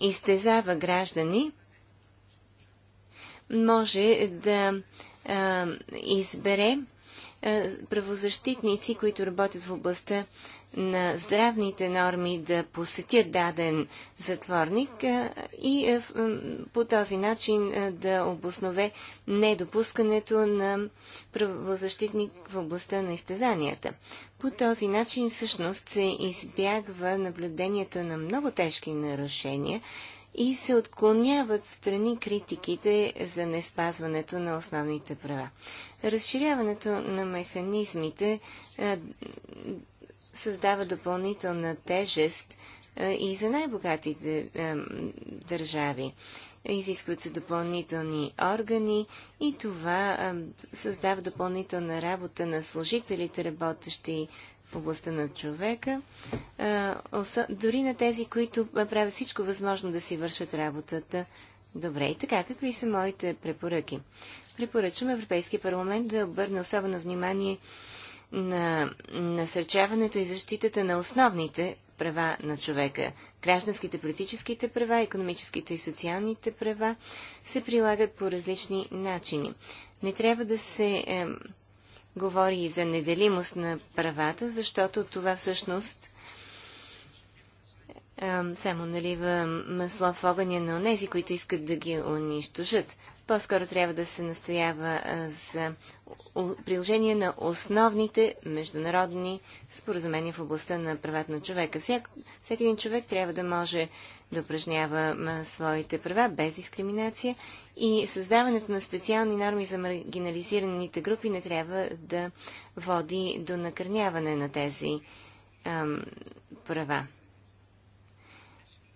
изтезава граждани, може да а, избере а, правозащитници, които работят в областта на здравните норми да посетят даден затворник и по този начин да обоснове недопускането на правозащитник в областта на изтезанията. По този начин всъщност се избягва наблюдението на много тежки нарушения и се отклоняват страни критиките за неспазването на основните права. Разширяването на механизмите създава допълнителна тежест и за най-богатите държави. Изискват се допълнителни органи и това създава допълнителна работа на служителите, работещи в областта на човека, дори на тези, които правят всичко възможно да си вършат работата добре. И така, какви са моите препоръки? Препоръчвам Европейския парламент да обърне особено внимание на насърчаването и защитата на основните права на човека. Гражданските, политическите права, економическите и социалните права се прилагат по различни начини. Не трябва да се е, говори и за неделимост на правата, защото това всъщност е, само налива масло в огъня на онези, които искат да ги унищожат. По-скоро трябва да се настоява за приложение на основните международни споразумения в областта на правата на човека. Всяк, всеки един човек трябва да може да упражнява своите права без дискриминация и създаването на специални норми за маргинализираните групи не трябва да води до накърняване на тези ам, права.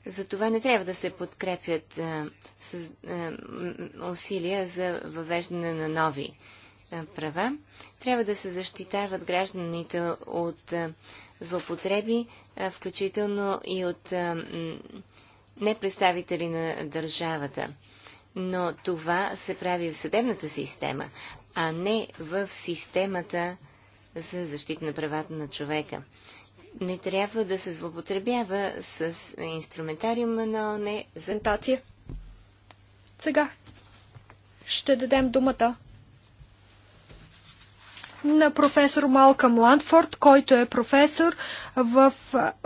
Затова не трябва да се подкрепят а, с, а, усилия за въвеждане на нови а, права. Трябва да се защитават гражданите от а, злопотреби, а, включително и от а, непредставители на държавата. Но това се прави в съдебната система, а не в системата за защита на правата на човека не трябва да се злоупотребява с инструментариума на ОНЕ за... Презентация. Сега ще дадем думата на професор Малкам Ландфорд, който е професор в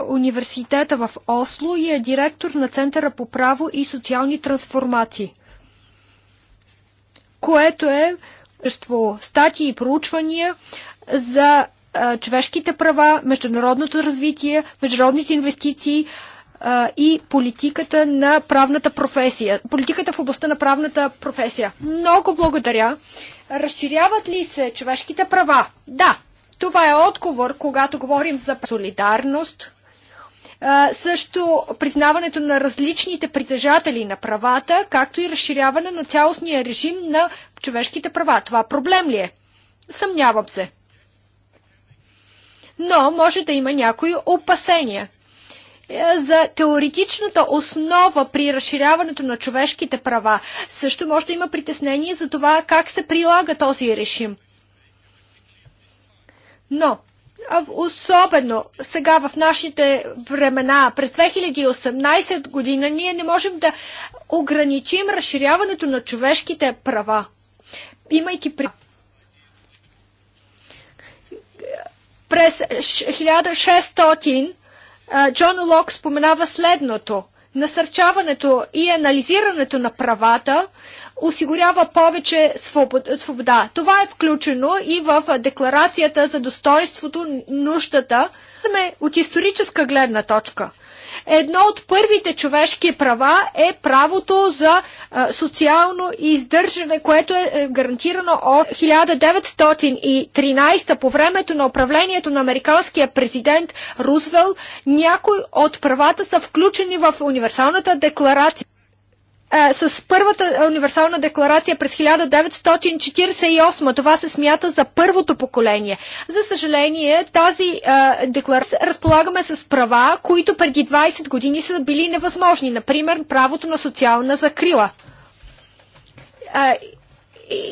университета в Осло и е директор на Центъра по право и социални трансформации, което е статии и проучвания за човешките права, международното развитие, международните инвестиции и политиката на правната професия. Политиката в областта на правната професия. Много благодаря. Разширяват ли се човешките права? Да. Това е отговор, когато говорим за солидарност, също признаването на различните притежатели на правата, както и разширяване на цялостния режим на човешките права. Това проблем ли е? Съмнявам се но може да има някои опасения е, за теоретичната основа при разширяването на човешките права. Също може да има притеснение за това как се прилага този режим. Но, особено сега в нашите времена, през 2018 година, ние не можем да ограничим разширяването на човешките права, имайки при. През 1600 Джон Лок споменава следното. Насърчаването и анализирането на правата осигурява повече свобода. Това е включено и в Декларацията за достоинството, нуждата от историческа гледна точка. Едно от първите човешки права е правото за социално издържане, което е, е гарантирано от 1913 по времето на управлението на американския президент Рузвел. Някои от правата са включени в Универсалната декларация а, с първата универсална декларация през 1948. Това се смята за първото поколение. За съжаление, тази а, декларация разполагаме с права, които преди 20 години са били невъзможни. Например, правото на социална закрила. А,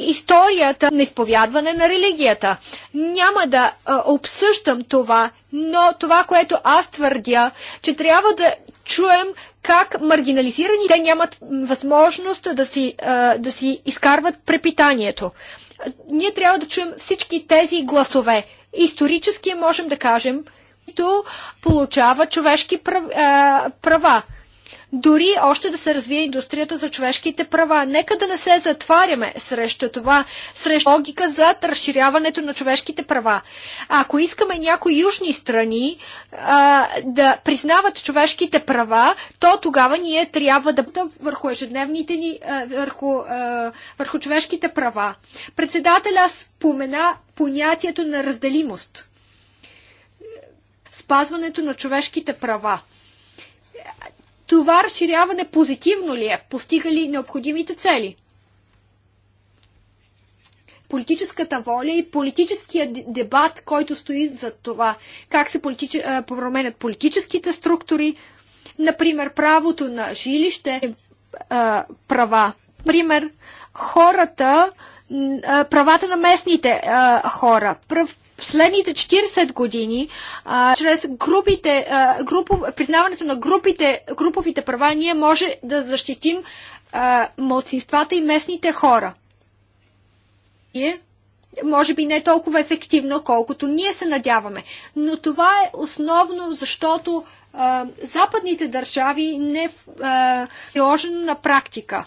историята на изповядване на религията. Няма да а, обсъждам това, но това, което аз твърдя, че трябва да чуем как маргинализирани те нямат възможност да си, да си изкарват препитанието. Ние трябва да чуем всички тези гласове. Исторически можем да кажем, които получава човешки права дори още да се развие индустрията за човешките права. Нека да не се затваряме срещу това, срещу логика за разширяването на човешките права. А ако искаме някои южни страни а, да признават човешките права, то тогава ние трябва да бъдем върху ежедневните ни, а, върху, а, върху човешките права. Председателя спомена понятието на разделимост. Спазването на човешките права това разширяване позитивно ли е? Постига ли необходимите цели? Политическата воля и политическия дебат, който стои за това, как се политич... променят политическите структури, например, правото на жилище, е, права. Пример, хората, правата на местните хора, последните 40 години, а, чрез групите, а, групов, признаването на групите, груповите права, ние може да защитим а, младсинствата и местните хора. И може би не толкова ефективно, колкото ние се надяваме. Но това е основно, защото а, западните държави не е приложено на практика.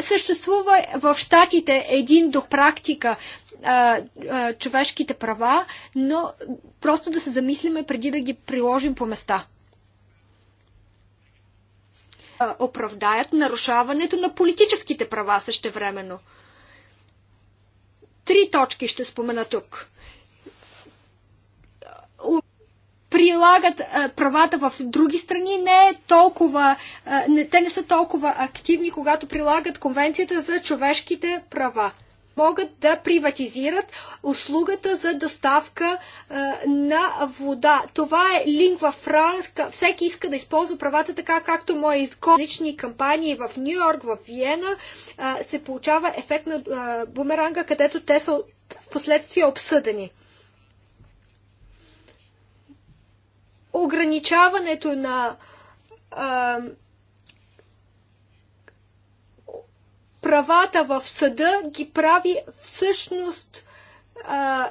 Съществува в щатите един до практика а, а, човешките права, но просто да се замислиме преди да ги приложим по места. А, оправдаят нарушаването на политическите права същевременно. Три точки ще спомена тук прилагат а, правата в други страни, не е толкова, а, не, те не са толкова активни, когато прилагат Конвенцията за човешките права. Могат да приватизират услугата за доставка а, на вода. Това е лингва франска. Всеки иска да използва правата така, както мои е Лични кампании в Нью Йорк, в Виена а, се получава ефект на а, бумеранга, където те са в последствие обсъдени. ограничаването на а, правата в съда ги прави всъщност а,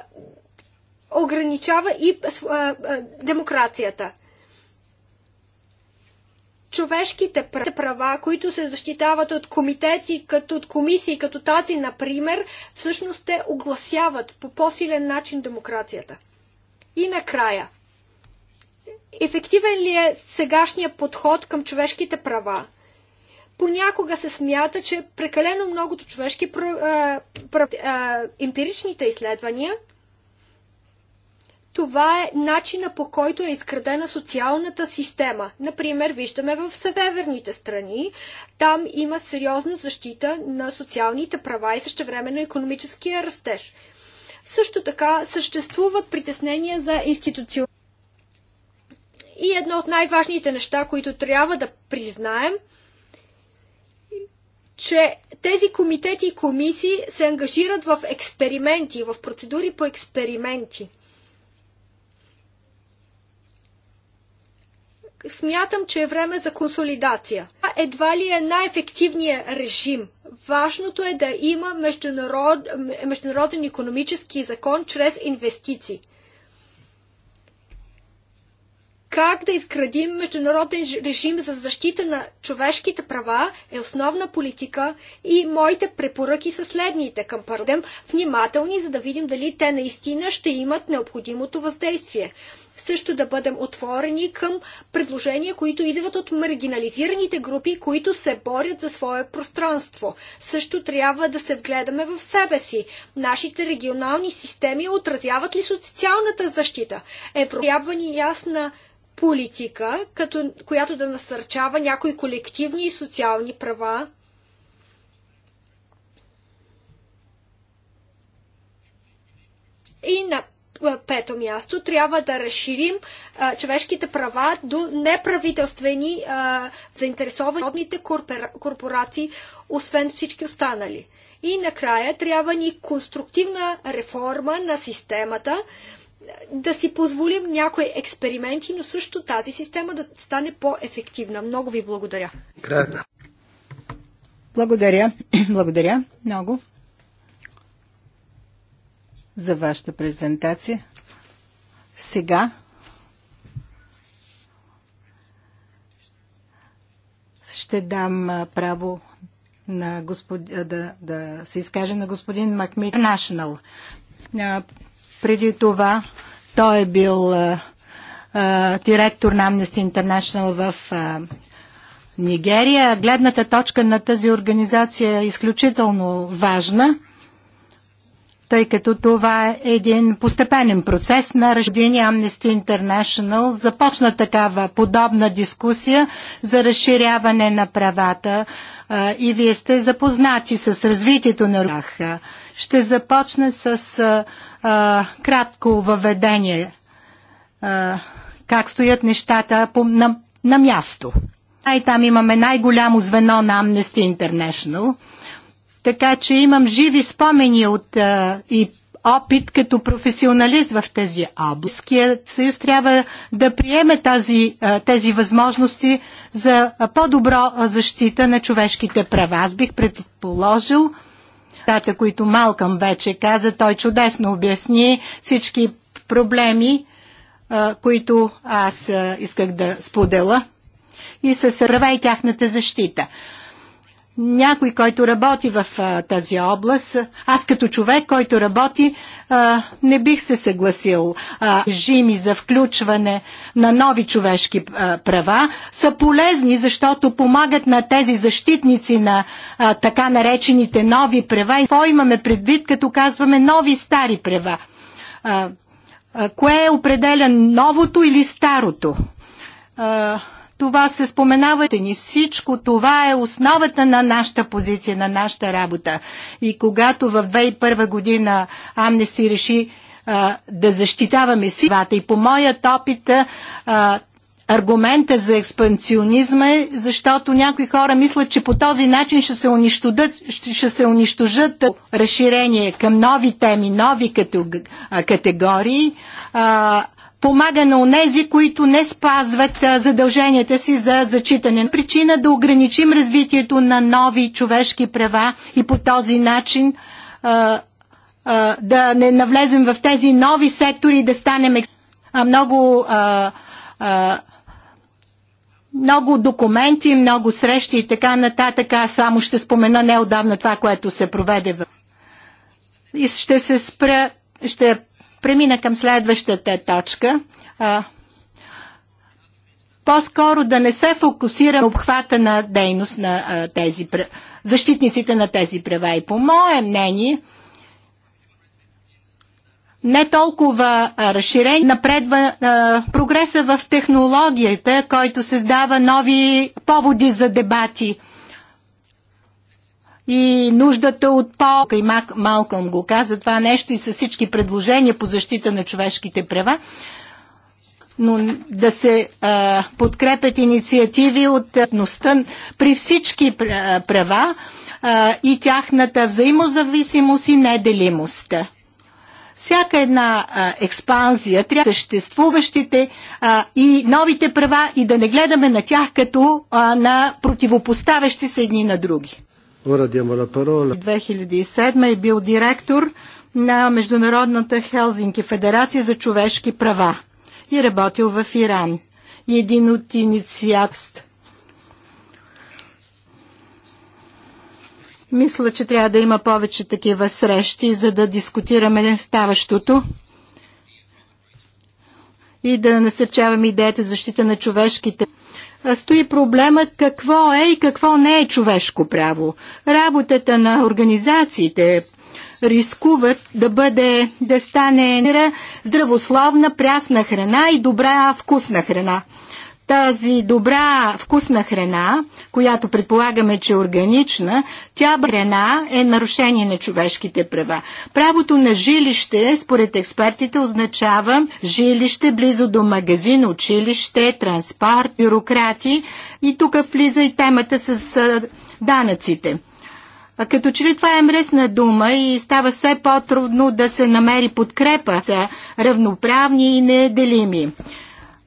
ограничава и а, а, демокрацията. Човешките права, които се защитават от комитети, като от комисии, като тази, например, всъщност те огласяват по по-силен начин демокрацията. И накрая – Ефективен ли е сегашният подход към човешките права? Понякога се смята, че прекалено многото човешки емпиричните изследвания, това е начина по който е изградена социалната система. Например, виждаме в северните страни, там има сериозна защита на социалните права и същевременно економическия растеж. Също така съществуват притеснения за институционалната и едно от най-важните неща, които трябва да признаем, че тези комитети и комисии се ангажират в експерименти, в процедури по експерименти. Смятам, че е време за консолидация. Едва ли е най-ефективният режим. Важното е да има международ, международен економически закон чрез инвестиции как да изградим международен режим за защита на човешките права е основна политика и моите препоръки са следните към Пардем, внимателни, за да видим дали те наистина ще имат необходимото въздействие. Също да бъдем отворени към предложения, които идват от маргинализираните групи, които се борят за свое пространство. Също трябва да се вгледаме в себе си. Нашите регионални системи отразяват ли социалната защита? Европа трябва ни ясна политика, като, която да насърчава някои колективни и социални права. И на пето място трябва да разширим а, човешките права до неправителствени а, заинтересовани корпорации, освен всички останали. И накрая трябва ни конструктивна реформа на системата, да си позволим някои експерименти, но също тази система да стане по-ефективна. Много ви благодаря. Благодаря. Благодаря много за вашата презентация. Сега ще дам право на господ... да, да се изкаже на господин Макмит Нашнал. Преди това той е бил а, а, директор на Amnesty International в а, Нигерия. Гледната точка на тази организация е изключително важна, тъй като това е един постепенен процес на рождение Amnesty International. Започна такава подобна дискусия за разширяване на правата а, и вие сте запознати с развитието на Румъния ще започна с а, а, кратко въведение а, как стоят нещата по, на, на място. А и там имаме най-голямо звено на Amnesty International, така че имам живи спомени от а, и опит като професионалист в тези области. Съюз трябва да приеме тази, тези възможности за по-добро защита на човешките права. Аз бих предположил, нещата, които Малкъм вече каза. Той чудесно обясни всички проблеми, които аз исках да споделя и се сърва и тяхната защита някой, който работи в а, тази област, аз като човек, който работи, а, не бих се съгласил. А, жими за включване на нови човешки а, права са полезни, защото помагат на тези защитници на а, така наречените нови права. И какво имаме предвид, като казваме нови стари права? А, а, кое е определя новото или старото? А, това се споменавате ни всичко. Това е основата на нашата позиция, на нашата работа. И когато в 2001 година Амнести реши а, да защитаваме сивата и по моят опит а, аргумента за експансионизма е, защото някои хора мислят, че по този начин ще се унищожат, ще се унищожат разширение към нови теми, нови категории. А, помага на онези, които не спазват задълженията си за зачитане. Причина да ограничим развитието на нови човешки права и по този начин а, а, да не навлезем в тези нови сектори и да станем а, много а, а, много документи, много срещи и така нататък. Аз само ще спомена неодавна това, което се проведе. В... И ще се спра, ще премина към следващата точка. По-скоро да не се фокусира на обхвата на дейност на а, тези защитниците на тези права. И по мое мнение, не толкова разширен, напредва а, прогреса в технологията, който създава нови поводи за дебати и нуждата от полка. И Мак, Малкъм го каза това нещо и с всички предложения по защита на човешките права. Но да се а, подкрепят инициативи от етността при всички права а, и тяхната взаимозависимост и неделимост всяка една а, експанзия трябва съществуващите а, и новите права и да не гледаме на тях като а, на противопоставящи се едни на други. 2007 е бил директор на Международната Хелзинки Федерация за човешки права и работил в Иран. Един от инициатст. Мисля, че трябва да има повече такива срещи, за да дискутираме ставащото и да насърчаваме идеята защита на човешките стои проблемът какво е и какво не е човешко право. Работата на организациите рискуват да бъде, да стане здравословна прясна храна и добра вкусна храна тази добра вкусна храна, която предполагаме, че е органична, тя храна е нарушение на човешките права. Правото на жилище, според експертите, означава жилище близо до магазин, училище, транспорт, бюрократи и тук влиза и темата с данъците. А като че ли това е мръсна дума и става все по-трудно да се намери подкрепа за равноправни и неделими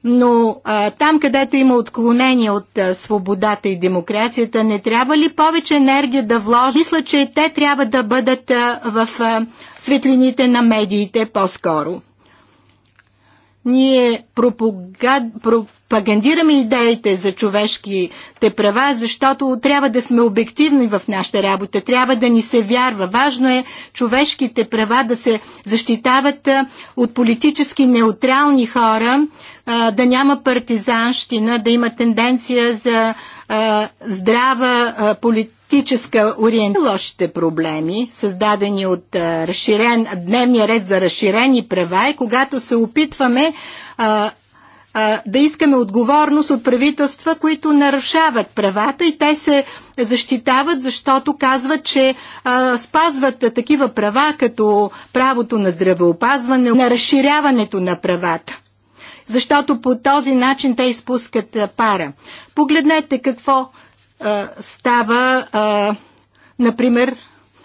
но а, там, където има отклонение от а, свободата и демокрацията, не трябва ли повече енергия да вложи? Мисля, че те трябва да бъдат а, в а, светлините на медиите по-скоро. Ние пропагандираме идеите за човешките права, защото трябва да сме обективни в нашата работа, трябва да ни се вярва. Важно е човешките права да се защитават от политически неутрални хора, да няма партизанщина, да има тенденция за здрава политика практическа ориентация лошите проблеми, създадени от а, разширен, дневния ред за разширени права е когато се опитваме а, а, да искаме отговорност от правителства, които нарушават правата и те се защитават, защото казват, че а, спазват а, такива права, като правото на здравеопазване, на разширяването на правата защото по този начин те изпускат пара. Погледнете какво става, например,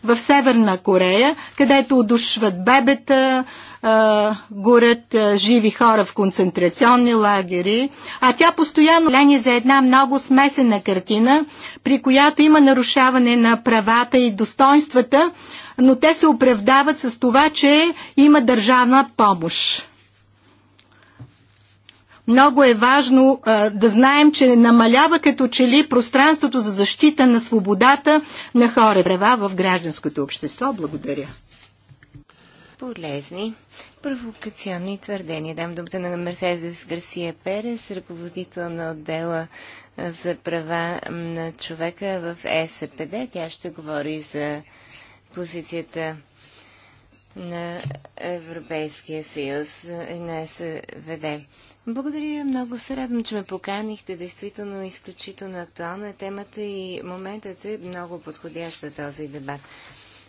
в Северна Корея, където удушват бебета, горят живи хора в концентрационни лагери, а тя постоянно лене за една много смесена картина, при която има нарушаване на правата и достоинствата, но те се оправдават с това, че има държавна помощ. Много е важно а, да знаем, че намалява като че ли пространството за защита на свободата на хора. Права в гражданското общество. Благодаря. Полезни провокационни твърдения. Дам думата на Мерседес Гарсия Перес, ръководител на отдела за права на човека в СПД. Тя ще говори за позицията на Европейския съюз и на СВД. Благодаря. Много се радвам, че ме поканихте. Действително, изключително актуална е темата и моментът е много подходящ за този дебат.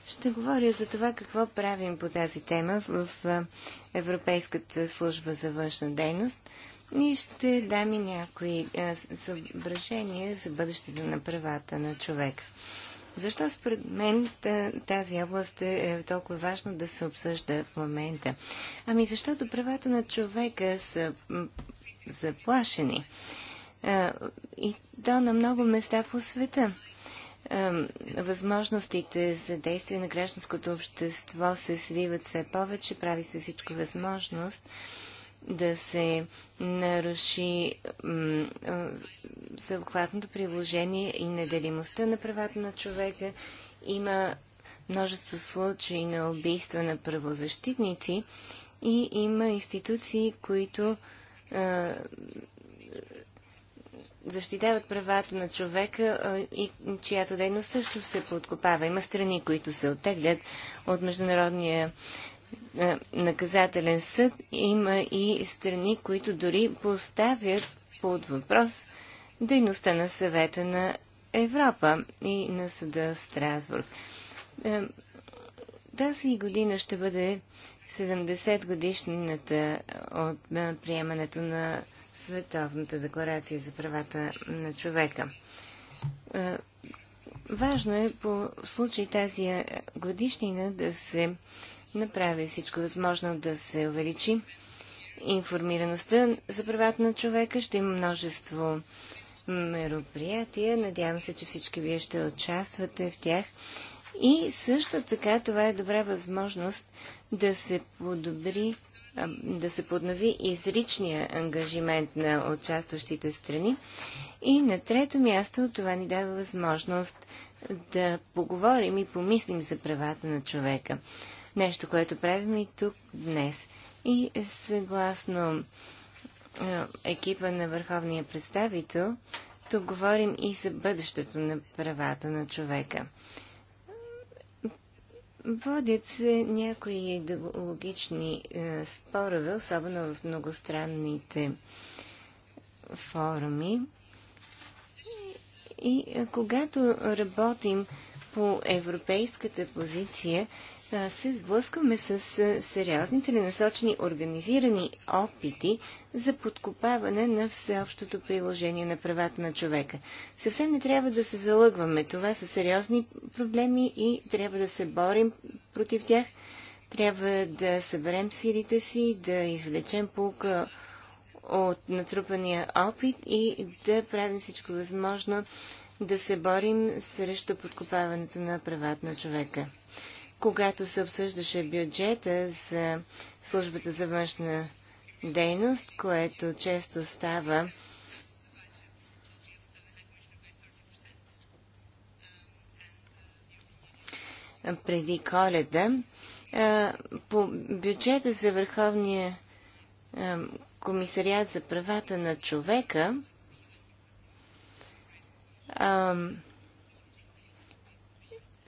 Ще говоря за това какво правим по тази тема в Европейската служба за външна дейност и ще дам и някои съображения за бъдещето на правата на човека. Защо според мен тази област е, е толкова важно да се обсъжда в момента? Ами защото правата на човека са заплашени. И то на много места по света. Възможностите за действие на гражданското общество се свиват все повече, прави се всичко възможност да се наруши съобхватното приложение и неделимостта на правата на човека. Има множество случаи на убийства на правозащитници и има институции, които а, защитават правата на човека а, и чиято дейност също се подкопава. Има страни, които се оттеглят от международния е, наказателен съд има и страни, които дори поставят под въпрос дейността на съвета на Европа и на съда в Страсбург. Е, тази година ще бъде 70 годишнината от е, приемането на Световната декларация за правата на човека. Важно е по случай тази годишнина да се направи всичко възможно да се увеличи информираността за правата на човека. Ще има множество мероприятия. Надявам се, че всички вие ще участвате в тях. И също така това е добра възможност да се подобри, да се поднови изричния ангажимент на участващите страни. И на трето място това ни дава възможност да поговорим и помислим за правата на човека. Нещо, което правим и тук днес. И съгласно екипа на Върховния представител, тук говорим и за бъдещето на правата на човека. Водят се някои идеологични спорове, особено в многостранните форуми. и когато работим по европейската позиция, се сблъскваме с сериозни целенасочени организирани опити за подкопаване на всеобщото приложение на правата на човека. Съвсем не трябва да се залъгваме. Това са сериозни проблеми и трябва да се борим против тях. Трябва да съберем силите си, да извлечем полка от натрупания опит и да правим всичко възможно да се борим срещу подкопаването на правата на човека когато се обсъждаше бюджета за службата за външна дейност, което често става преди коледа. По бюджета за Върховния комисариат за правата на човека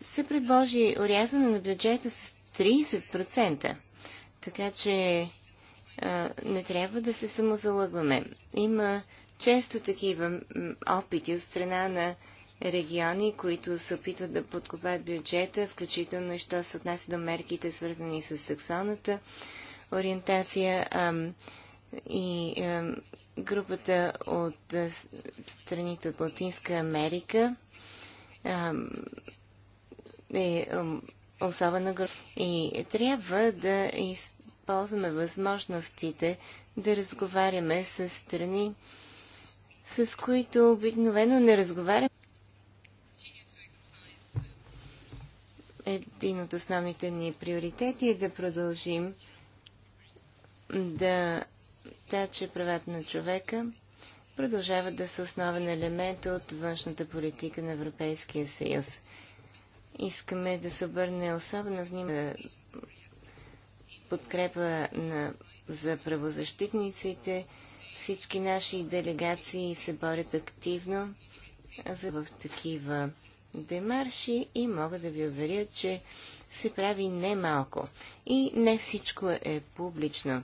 се предложи урязване на бюджета с 30%. Така че а, не трябва да се самозалъгваме. Има често такива опити от страна на региони, които се опитват да подкопат бюджета, включително и що се отнася до мерките, свързани с сексуалната ориентация. А, и а, групата от страните от Латинска Америка е особена гър. И трябва да използваме възможностите да разговаряме с страни, с които обикновено не разговаряме. Един от основните ни приоритети е да продължим да тече правата на човека продължават да са основен елемент от външната политика на Европейския съюз. Искаме да се обърне особено внимание подкрепа на, за правозащитниците. Всички наши делегации се борят активно в такива демарши и мога да ви уверя, че се прави не малко. И не всичко е публично.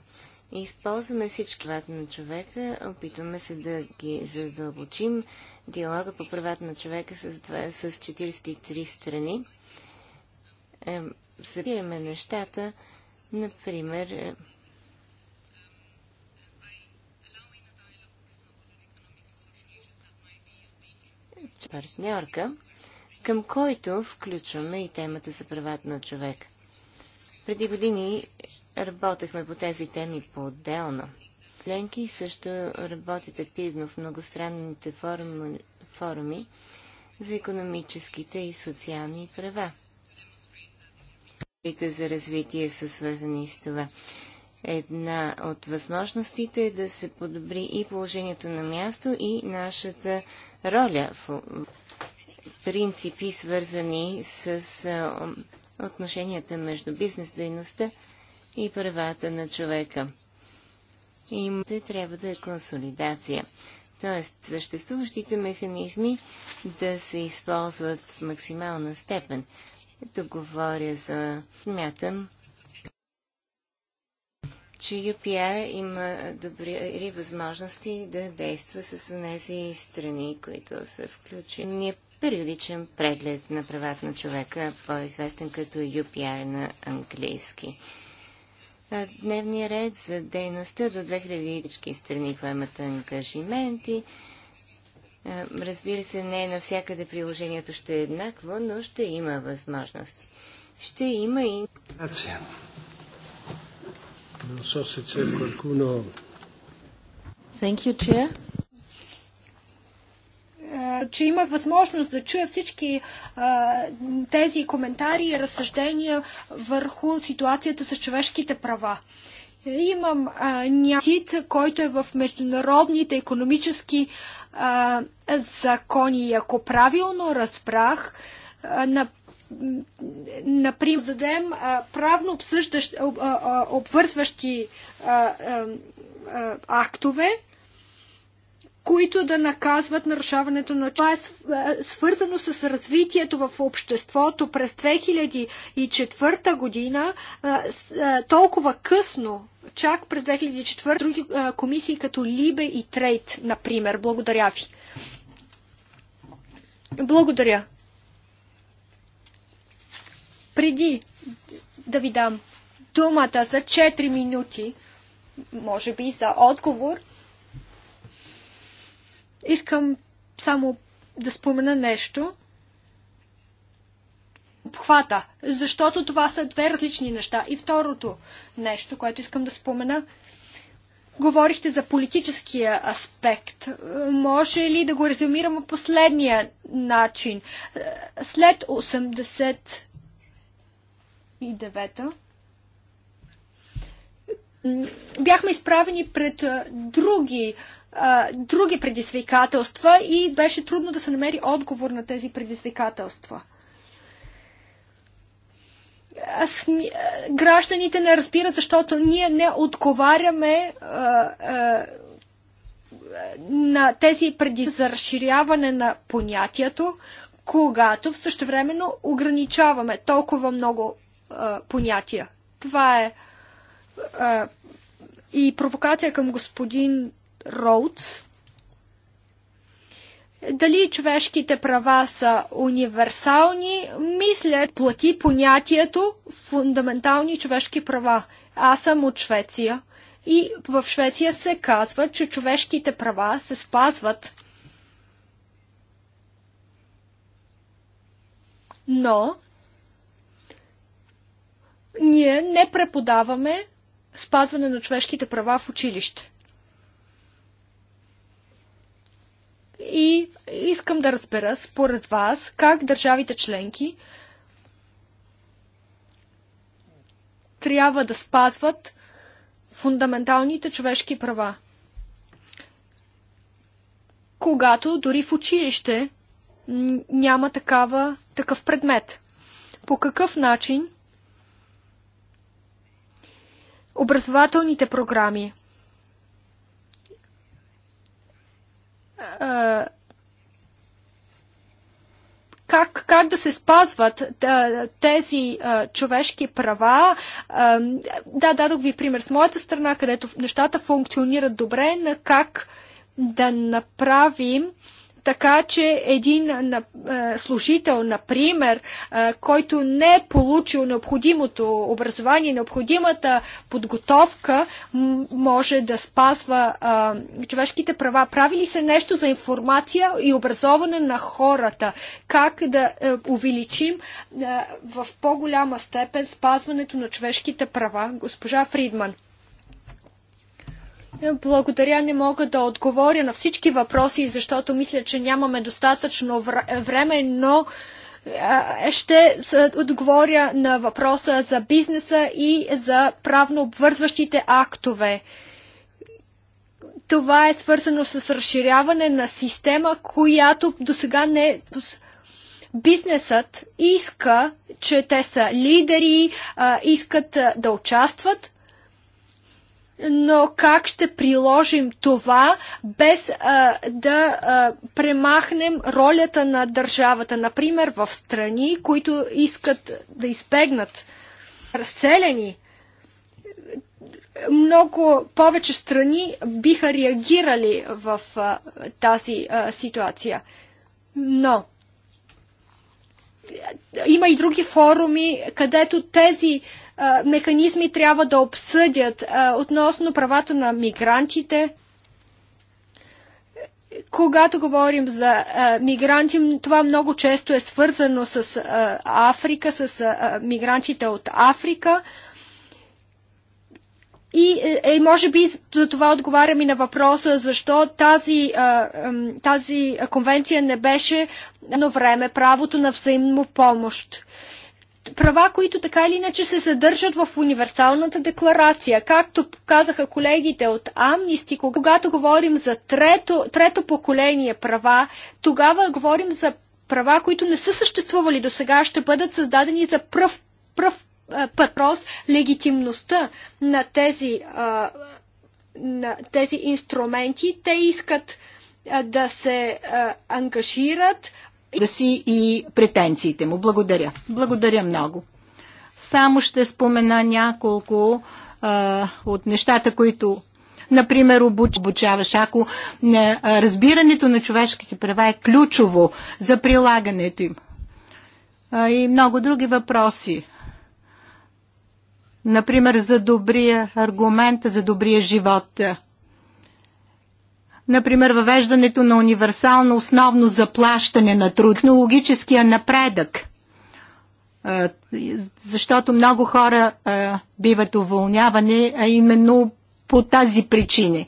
Използваме всички правата на човека, опитваме се да ги задълбочим. Диалога по правата на човека с, 43 страни. Събираме нещата, например, е, партньорка, към който включваме и темата за правата на човека. Преди години работехме по тези теми по-отделно. Ленки също работят активно в многостранните форуми, форуми за економическите и социални права. Проектите за развитие са свързани с това. Една от възможностите е да се подобри и положението на място, и нашата роля в принципи, свързани с отношенията между бизнес дейността и правата на човека. И трябва да е консолидация. Тоест, съществуващите механизми да се използват в максимална степен. Ето говоря за... Смятам, че UPR има добри възможности да действа с тези страни, които са включени. Ние периодичен преглед на правата на човека, по-известен като UPR на английски дневния ред за дейността до 2000 страни поемат ангажименти. Разбира се, не е навсякъде приложението ще е еднакво, но ще има възможности. Ще има и... Thank you, Chair че имах възможност да чуя всички тези коментари и разсъждения върху ситуацията с човешките права. Имам някакъв който е в международните економически закони. И ако правилно разбрах, на например, зададем правно обвързващи актове, които да наказват нарушаването на... Това е, е свързано с развитието в обществото през 2004 година, толкова късно, чак през 2004 други комисии като Либе и Трейд, например. Благодаря ви. Благодаря. Преди да ви дам думата за 4 минути, може би за отговор, Искам само да спомена нещо. Обхвата. Защото това са две различни неща. И второто нещо, което искам да спомена, говорихте за политическия аспект. Може ли да го резюмираме по последния начин? След 89-та бяхме изправени пред други други предизвикателства и беше трудно да се намери отговор на тези предизвикателства. Аз, гражданите не разбират, защото ние не отговаряме а, а, на тези преди за разширяване на понятието, когато в същевременно ограничаваме толкова много а, понятия. Това е а, и провокация към господин Роудс. Дали човешките права са универсални, мисля, плати понятието фундаментални човешки права. Аз съм от Швеция и в Швеция се казва, че човешките права се спазват. Но ние не преподаваме спазване на човешките права в училище. И искам да разбера според вас как държавите членки трябва да спазват фундаменталните човешки права. Когато дори в училище няма такава, такъв предмет. По какъв начин образователните програми как, как да се спазват да, тези а, човешки права. А, да, дадох ви пример с моята страна, където нещата функционират добре, на как да направим а, така че един е, служител, например, е, който не е получил необходимото образование, необходимата подготовка, може да спазва е, човешките права. Прави ли се нещо за информация и образоване на хората? Как да увеличим в по-голяма степен спазването на човешките права? Госпожа Фридман. Благодаря, не мога да отговоря на всички въпроси, защото мисля, че нямаме достатъчно време, но ще отговоря на въпроса за бизнеса и за правно обвързващите актове. Това е свързано с разширяване на система, която до сега не е бизнесът иска, че те са лидери, искат да участват, но как ще приложим това без а, да а, премахнем ролята на държавата? Например, в страни, които искат да избегнат разселени, много повече страни биха реагирали в а, тази а, ситуация. Но има и други форуми, където тези а, механизми трябва да обсъдят относно правата на мигрантите. Когато говорим за а, мигранти, това много често е свързано с а, Африка, с а, мигрантите от Африка. И е, е може би за това отговарям и на въпроса защо тази, а, тази конвенция не беше едно време правото на взаимно помощ права, които така или иначе се задържат в универсалната декларация. Както казаха колегите от Амнисти, когато говорим за трето, трето поколение права, тогава говорим за права, които не са съществували до сега, ще бъдат създадени за пръв, пръв въпрос легитимността на тези, на тези инструменти. Те искат да се ангажират да си и претенциите му. Благодаря. Благодаря много. Само ще спомена няколко а, от нещата, които Например, обуч, обучаваш, ако не, разбирането на човешките права е ключово за прилагането им. А, и много други въпроси. Например, за добрия аргумент, за добрия живот. Например, въвеждането на универсално основно заплащане на труд, технологическия напредък, защото много хора биват уволнявани, а именно по тази причина.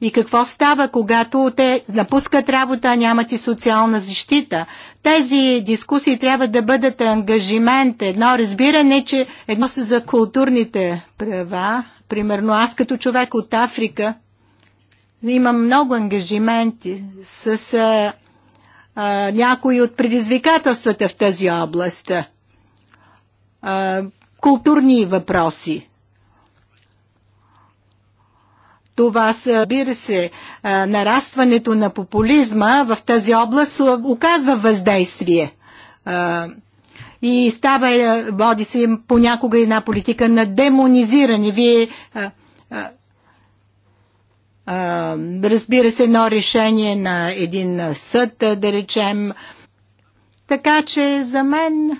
И какво става, когато те напускат работа, а нямат и социална защита? Тези дискусии трябва да бъдат ангажимент, едно разбиране, че едно са за културните права. Примерно аз като човек от Африка има много ангажименти с а, а, някои от предизвикателствата в тази област. А, културни въпроси. Това са, разбира се, а, нарастването на популизма в тази област оказва въздействие. А, и става, води се понякога една политика на демонизиране. Вие а, а, разбира се, едно решение на един съд, да речем. Така че за мен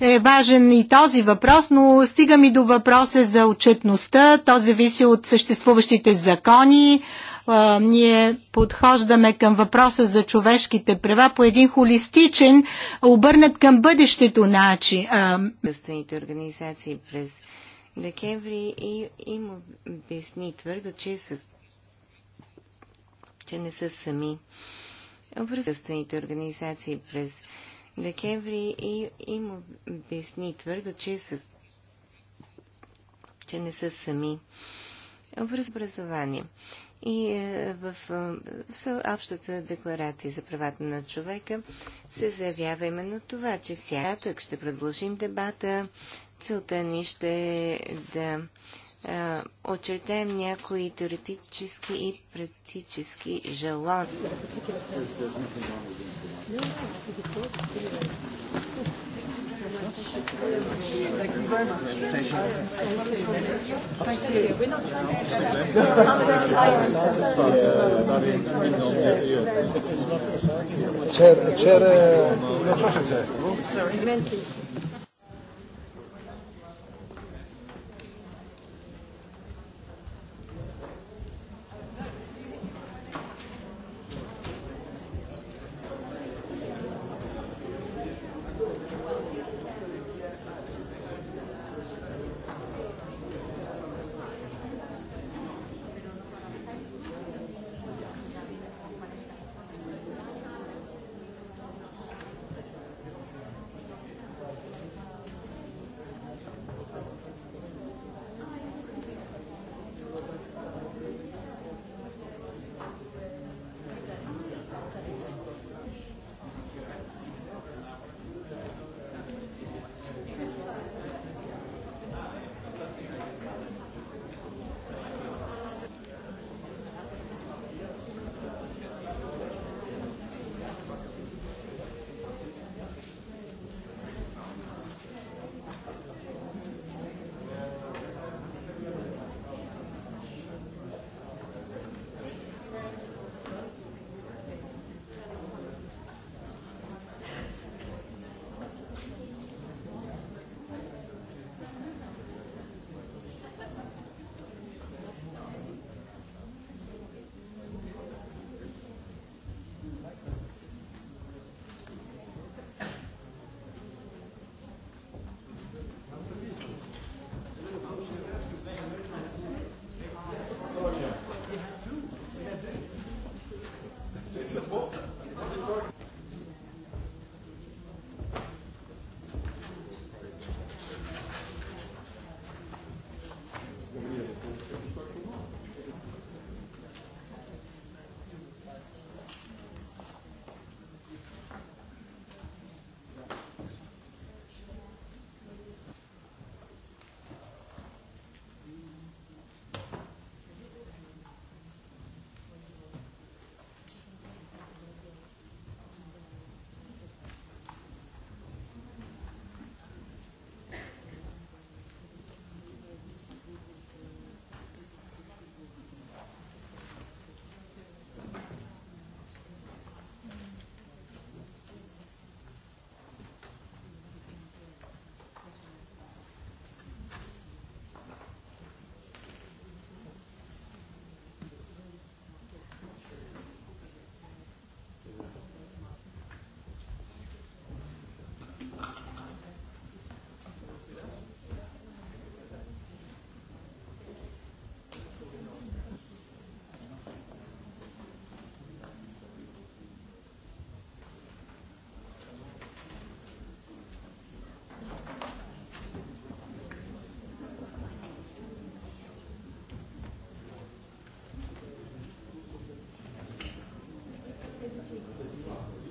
е важен и този въпрос, но стигам и до въпроса за отчетността. То зависи от съществуващите закони. Ние подхождаме към въпроса за човешките права по един холистичен, обърнат към бъдещето начин. Обществените организации през декември и им обясни твърдо, че, са, че не са сами. Образователните организации през декември и им обясни твърдо, че, са, че не са сами. Образование. И е, в, е, в общата декларация за правата на човека се заявява именно това, че всякак ще продължим дебата, Целта ни ще е да а, очертаем някои теоретически и практически желания.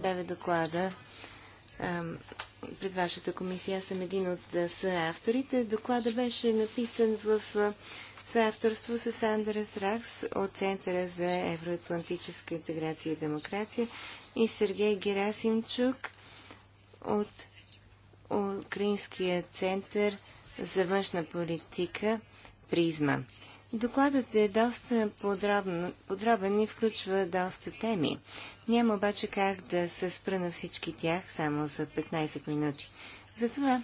представя доклада пред вашата комисия. Аз съм един от съавторите. Доклада беше написан в съавторство с Андрес Ракс от Центъра за евроатлантическа интеграция и демокрация и Сергей Герасимчук от Украинския център за външна политика Призма. Докладът е доста подробен, подробен и включва доста теми. Няма обаче как да се спра на всички тях само за 15 минути. Затова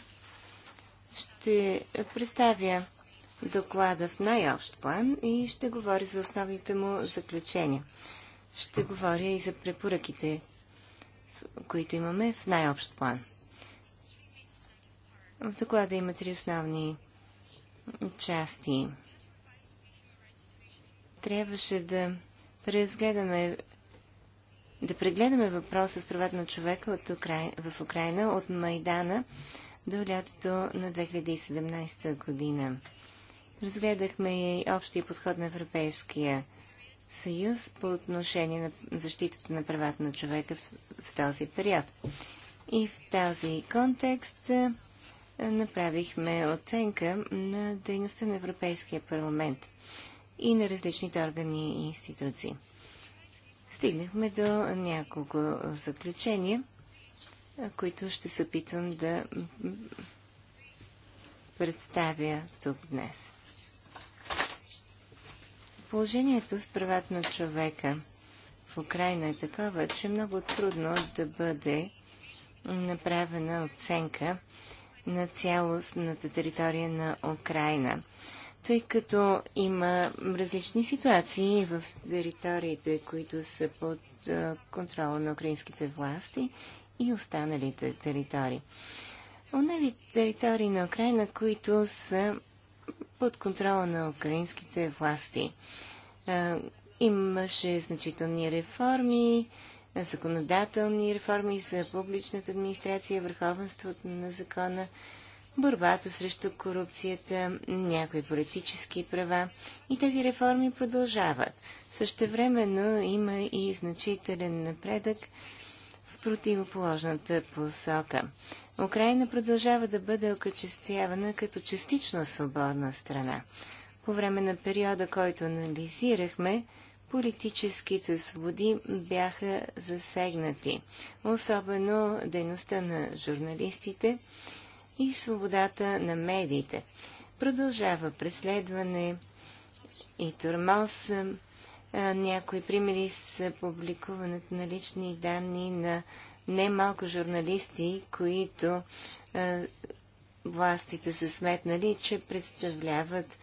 ще представя доклада в най-общ план и ще говоря за основните му заключения. Ще говоря и за препоръките, които имаме в най-общ план. В доклада има три основни части трябваше да разгледаме, да прегледаме въпроса с правата на човека от Украй... в Украина от Майдана до лятото на 2017 година. Разгледахме и общия подход на Европейския съюз по отношение на защитата на правата на човека в, в този период. И в този контекст направихме оценка на дейността на Европейския парламент и на различните органи и институции. Стигнахме до няколко заключения, които ще се опитвам да представя тук днес. Положението с правата на човека в Украина е такова, че е много трудно да бъде направена оценка на цялостната територия на Украина тъй като има различни ситуации в териториите, които са под контрола на украинските власти и останалите територии. Онези територии на Украина, които са под контрола на украинските власти. Имаше значителни реформи, законодателни реформи за публичната администрация, върховенството на закона, борбата срещу корупцията, някои политически права и тези реформи продължават. Същевременно има и значителен напредък в противоположната посока. Украина продължава да бъде окачествявана като частично свободна страна. По време на периода, който анализирахме, политическите свободи бяха засегнати, особено дейността на журналистите и свободата на медиите. Продължава преследване и тормоз. Някои примери са публикуването на лични данни на немалко журналисти, които властите са сметнали, че представляват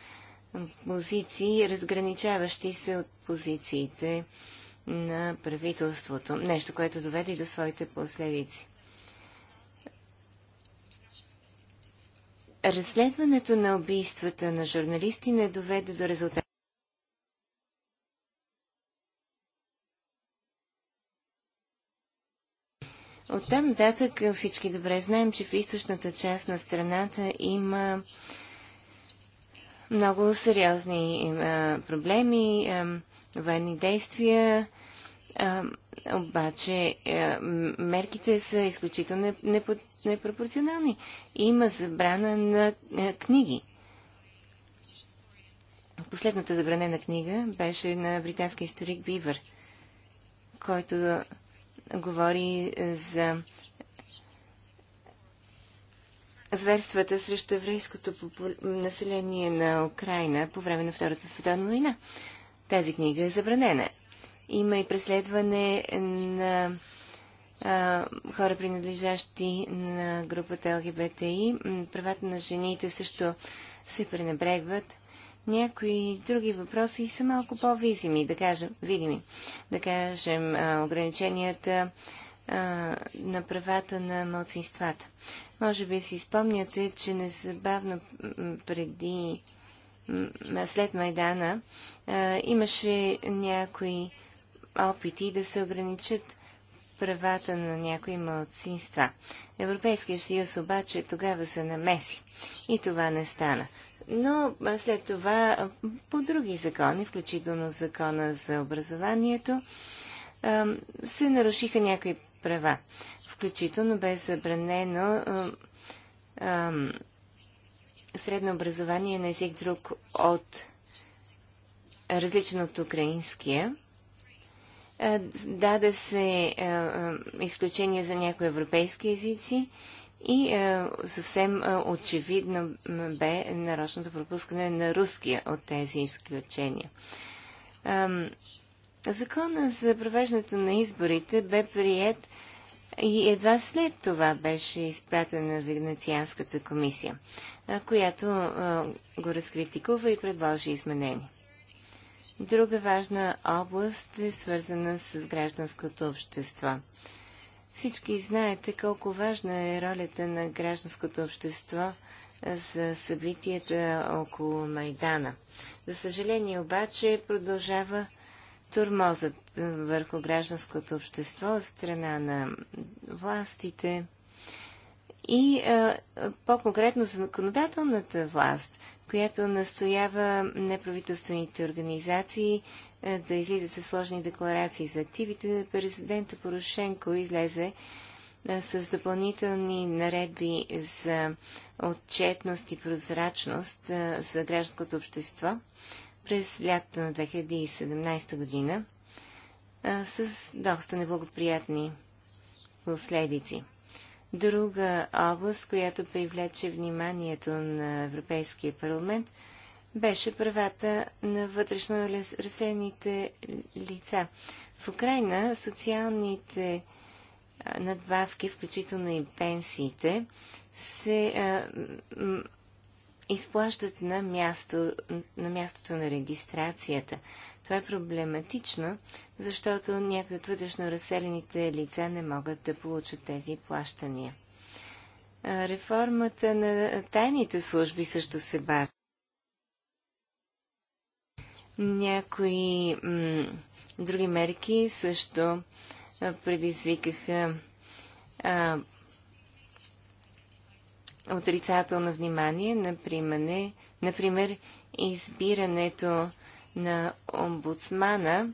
позиции, разграничаващи се от позициите на правителството. Нещо, което доведе до своите последици. разследването на убийствата на журналисти не доведе до резултат. От там датък, всички добре знаем, че в източната част на страната има много сериозни проблеми, военни действия, обаче а, е, мерките са изключително непо, непропорционални. Има забрана на а, е, книги. Последната забранена книга беше на британски историк Бивър, който говори за зверствата срещу еврейското население на Украина по време на Втората световна война. Тази книга е забранена. Има и преследване на а, хора, принадлежащи на групата ЛГБТИ. Правата на жените също се пренебрегват. Някои други въпроси са малко по-визими, да кажем, видими. Да кажем, а, ограниченията а, на правата на младсинствата. Може би си спомняте, че незабавно преди, след Майдана, а, имаше някои опити да се ограничат правата на някои малцинства. Европейския съюз обаче тогава се намеси и това не стана. Но след това по други закони, включително закона за образованието, се нарушиха някои права. Включително бе забранено средно образование на език друг от различен от украинския е, даде се е, е, изключение за някои европейски езици и съвсем очевидно бе нарочното пропускане на руския от тези изключения. Закона за провеждането на изборите бе прият и едва след това беше изпратена Венецианската комисия, която го разкритикува и предложи изменения. Друга важна област е свързана с гражданското общество. Всички знаете колко важна е ролята на гражданското общество за събитията около Майдана. За съжаление обаче продължава турмозът върху гражданското общество от страна на властите и по-конкретно законодателната власт, която настоява неправителствените организации е, да излизат със сложни декларации за активите. Президента Порошенко излезе е, с допълнителни наредби за отчетност и прозрачност е, за гражданското общество през лятото на 2017 година с доста неблагоприятни последици. Друга област, която привлече вниманието на Европейския парламент, беше правата на вътрешно разселените лица. В Украина социалните надбавки, включително и пенсиите, се а, изплащат на, място, на мястото на регистрацията. Това е проблематично, защото някои от вътрешно разселените лица не могат да получат тези плащания. Реформата на тайните служби също се бави. Някои други мерки също предизвикаха а, отрицателно внимание, например, например избирането на омбудсмана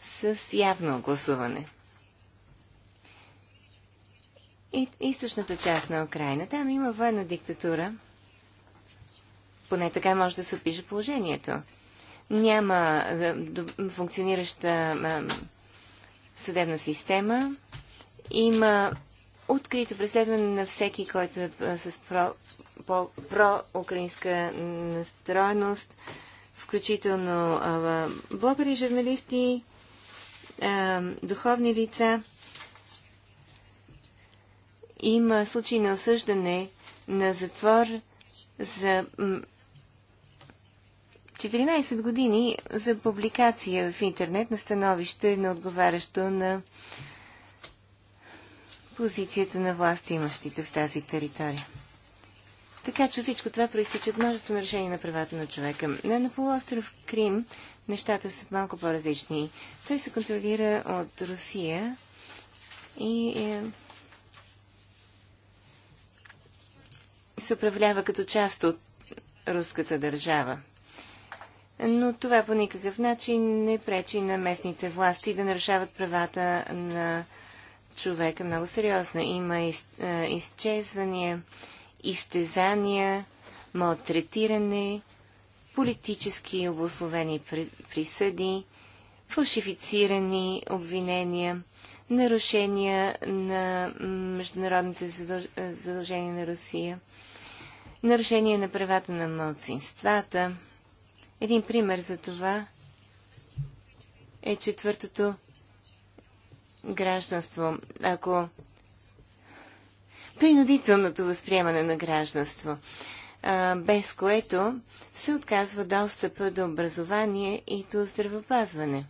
с явно гласуване. И източната част на Украина. Там има военна диктатура. Поне така може да се опише положението. Няма функционираща съдебна система. Има открито преследване на всеки, който е с про, по, проукраинска настроеност включително блогъри, журналисти, духовни лица. Има случаи на осъждане на затвор за 14 години за публикация в интернет на становище на отговарящо на позицията на власт имащите в тази територия. Така че всичко това проистича от множество нарушения на правата на човека. На полуостров Крим нещата са малко по-различни. Той се контролира от Русия и е, се управлява като част от руската държава. Но това по никакъв начин не пречи на местните власти да нарушават правата на човека много сериозно. Има из, е, изчезвания изтезания, малтретиране, политически обословени присъди, фалшифицирани обвинения, нарушения на международните задължения на Русия, нарушения на правата на мълцинствата. Един пример за това е четвъртото гражданство. Ако принудителното възприемане на гражданство, без което се отказва достъпа до образование и до здравопазване.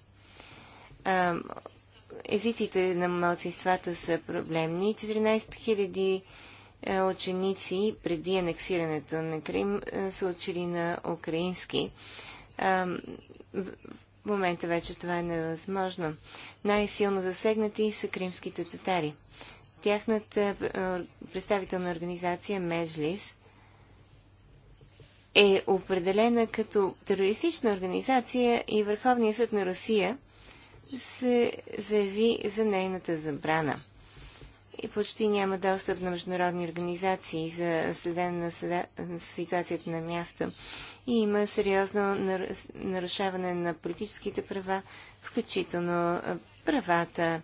Езиците на малцинствата са проблемни. 14 000 ученици преди анексирането на Крим са учили на украински. В момента вече това е невъзможно. Най-силно засегнати са кримските татари. Тяхната представителна организация Межлис е определена като терористична организация и Върховният съд на Русия се заяви за нейната забрана. И почти няма достъп на международни организации за следене на ситуацията на място. И има сериозно нарушаване на политическите права, включително правата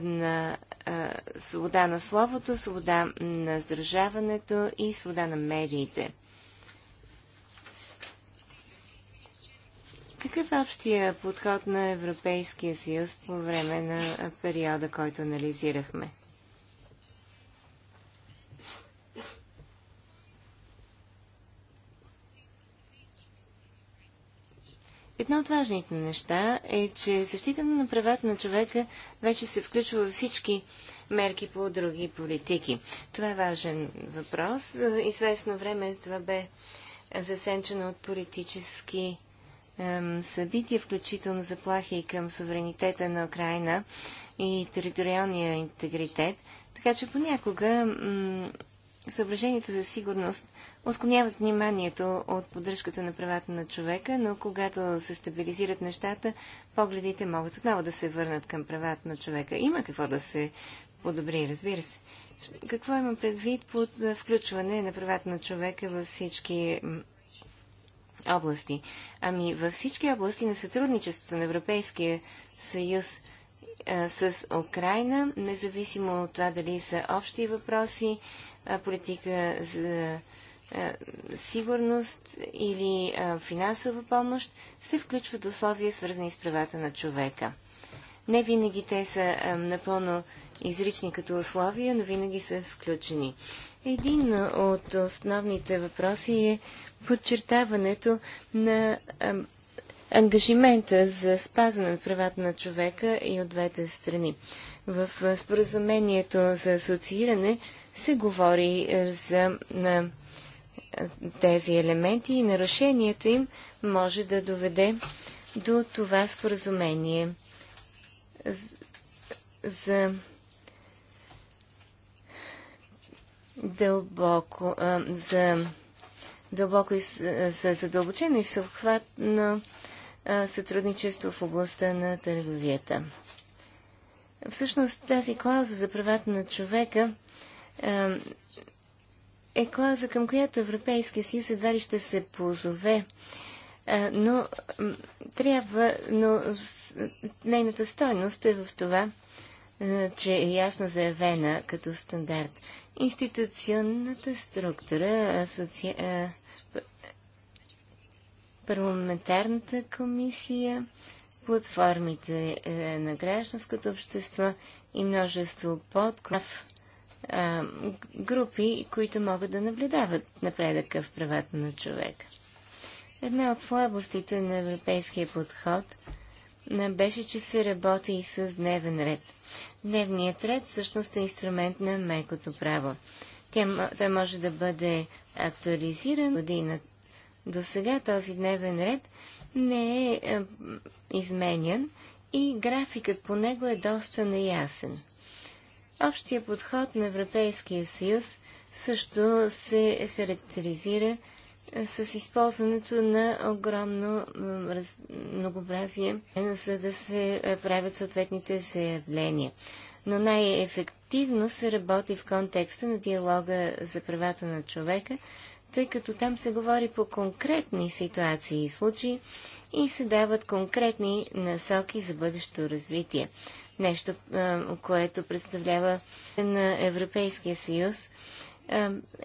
на свобода на словото, свобода на сдържаването и свобода на медиите. Какъв е общия подход на Европейския съюз по време на периода, който анализирахме? Едно от важните неща е, че защита на правата на човека вече се включва във всички мерки по други политики. Това е важен въпрос. Е, известно време това бе засенчено от политически ем, събития, включително заплахи и към суверенитета на Украина и териториалния интегритет. Така че понякога съображенията за сигурност отклоняват вниманието от поддръжката на правата на човека, но когато се стабилизират нещата, погледите могат отново да се върнат към правата на човека. Има какво да се подобри, разбира се. Какво има предвид под включване на правата на човека във всички области? Ами във всички области на сътрудничеството на Европейския съюз а, с Украина, независимо от това дали са общи въпроси, а, политика за е, сигурност или е, финансова помощ, се включват условия, свързани с правата на човека. Не винаги те са е, напълно изрични като условия, но винаги са включени. Един от основните въпроси е подчертаването на ангажимента за спазване на правата на човека и от двете страни. В споразумението за асоцииране се говори за на тези елементи и нарушението им може да доведе до това споразумение за дълбоко, за дълбоко и за задълбочено и всеобхватно сътрудничество в областта на търговията. Всъщност тази клауза за правата на човека е клауза, към която Европейския съюз едва ли ще се позове, но трябва, но нейната стойност е в това, че е ясно заявена като стандарт. Институционната структура, асоци... парламентарната комисия, платформите е, на гражданското общество и множество подков а, групи, които могат да наблюдават напредъка в правата на човека. Една от слабостите на европейския подход беше, че се работи и с дневен ред. Дневният ред всъщност е инструмент на мекото право. Тя, той може да бъде актуализиран година. До сега този дневен ред не е, е изменен и графикът по него е доста неясен. Общия подход на Европейския съюз също се характеризира с използването на огромно многообразие, за да се правят съответните заявления. Но най-ефективно се работи в контекста на диалога за правата на човека, тъй като там се говори по конкретни ситуации и случаи и се дават конкретни насоки за бъдещо развитие нещо, което представлява на Европейския съюз,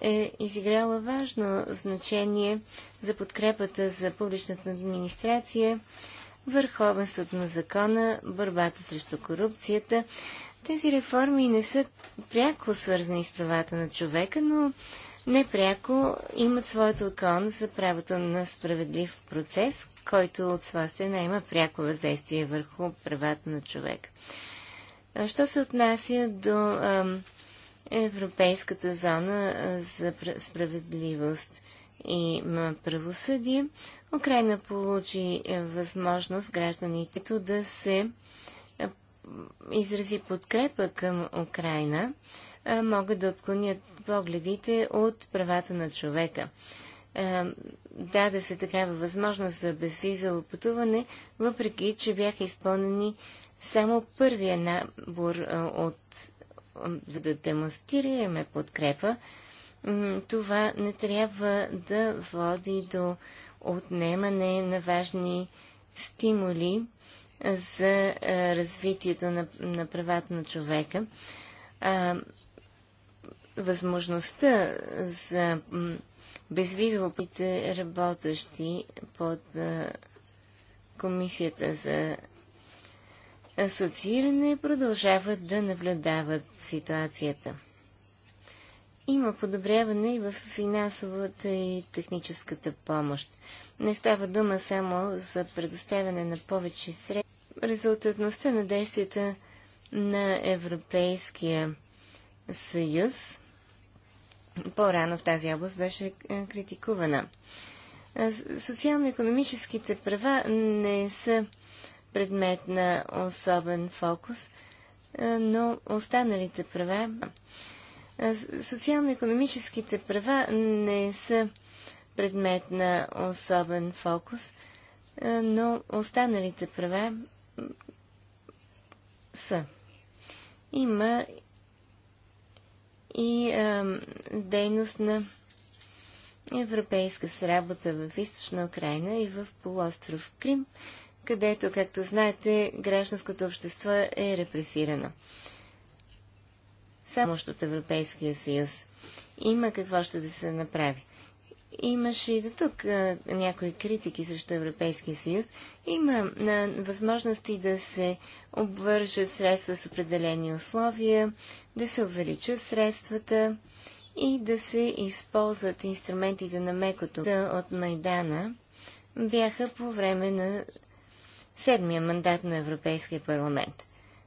е изиграла важно значение за подкрепата за публичната администрация, върховенството на закона, борбата срещу корупцията. Тези реформи не са пряко свързани с правата на човека, но непряко имат своето окон за правото на справедлив процес, който от своя страна има пряко въздействие върху правата на човек. Що се отнася до а, Европейската зона за справедливост и правосъдие, Украина получи е, възможност гражданите да се е, изрази подкрепа към Украина, могат да отклонят погледите от правата на човека. Е, даде се такава възможност за безвизово пътуване, въпреки че бяха изпълнени само първия набор е, от за да демонстрираме подкрепа, това не трябва да води до отнемане на важни стимули е, за развитието на, на правата на човека. А, възможността за безвизовите работещи под Комисията за асоцииране продължават да наблюдават ситуацията. Има подобряване и в финансовата и техническата помощ. Не става дума само за предоставяне на повече средства. Резултатността на действията на Европейския съюз по-рано в тази област беше е, критикувана. Социално-економическите права не са предмет на особен фокус, е, но останалите права. Социално-економическите права не са предмет на особен фокус, е, но останалите права са. Има и а, е, дейност на европейска с работа в източна Украина и в полуостров Крим, където, както знаете, гражданското общество е репресирано. Само от Европейския съюз. Има какво ще да се направи. Имаше и до тук а, някои критики срещу Европейския съюз. Има а, възможности да се обвържат средства с определени условия, да се увеличат средствата и да се използват инструментите на мекото от Майдана бяха по време на седмия мандат на Европейския парламент.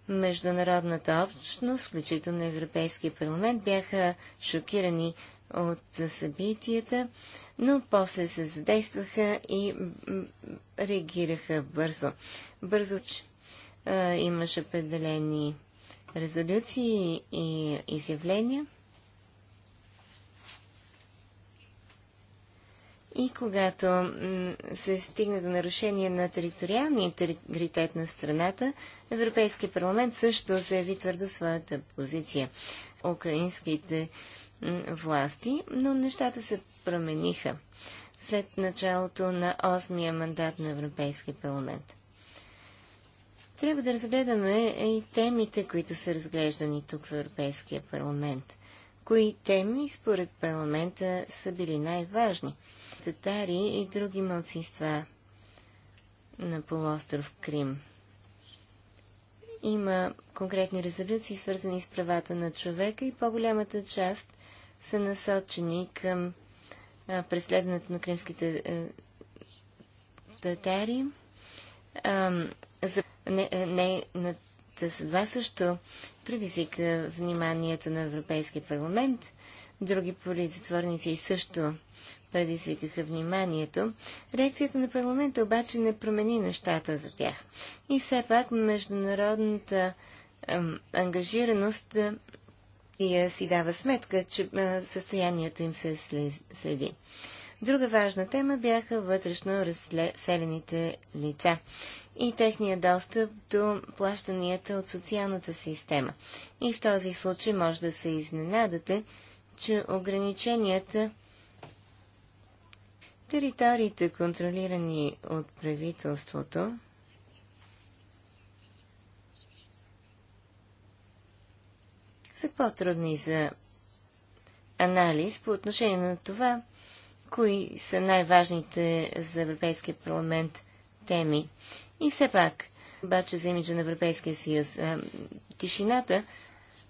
Международната общност, включително Европейския парламент, бяха шокирани от събитията, но после се задействаха и реагираха бързо. Бързо а, имаше определени резолюции и изявления. И когато се стигне до нарушение на териториалния интегритет на страната, Европейския парламент също заяви твърдо своята позиция. Украинските власти, но нещата се промениха след началото на 8-я мандат на Европейския парламент. Трябва да разгледаме и темите, които са разглеждани тук в Европейския парламент. Кои теми според парламента са били най-важни? Татари и други младсинства на полуостров Крим. Има конкретни резолюции, свързани с правата на човека и по-голямата част са насочени към преследването на кримските татари. За нейната съдба също предизвика вниманието на Европейския парламент. Други политзатворници също предизвикаха вниманието. Реакцията на парламента обаче не промени нещата за тях. И все пак международната ам, ангажираност а, си дава сметка, че състоянието им се следи. Друга важна тема бяха вътрешно разселените лица и техния достъп до плащанията от социалната система. И в този случай може да се изненадате, че ограниченията териториите, контролирани от правителството, са по-трудни за анализ по отношение на това, кои са най-важните за Европейския парламент теми. И все пак, обаче за имиджа на Европейския съюз, тишината,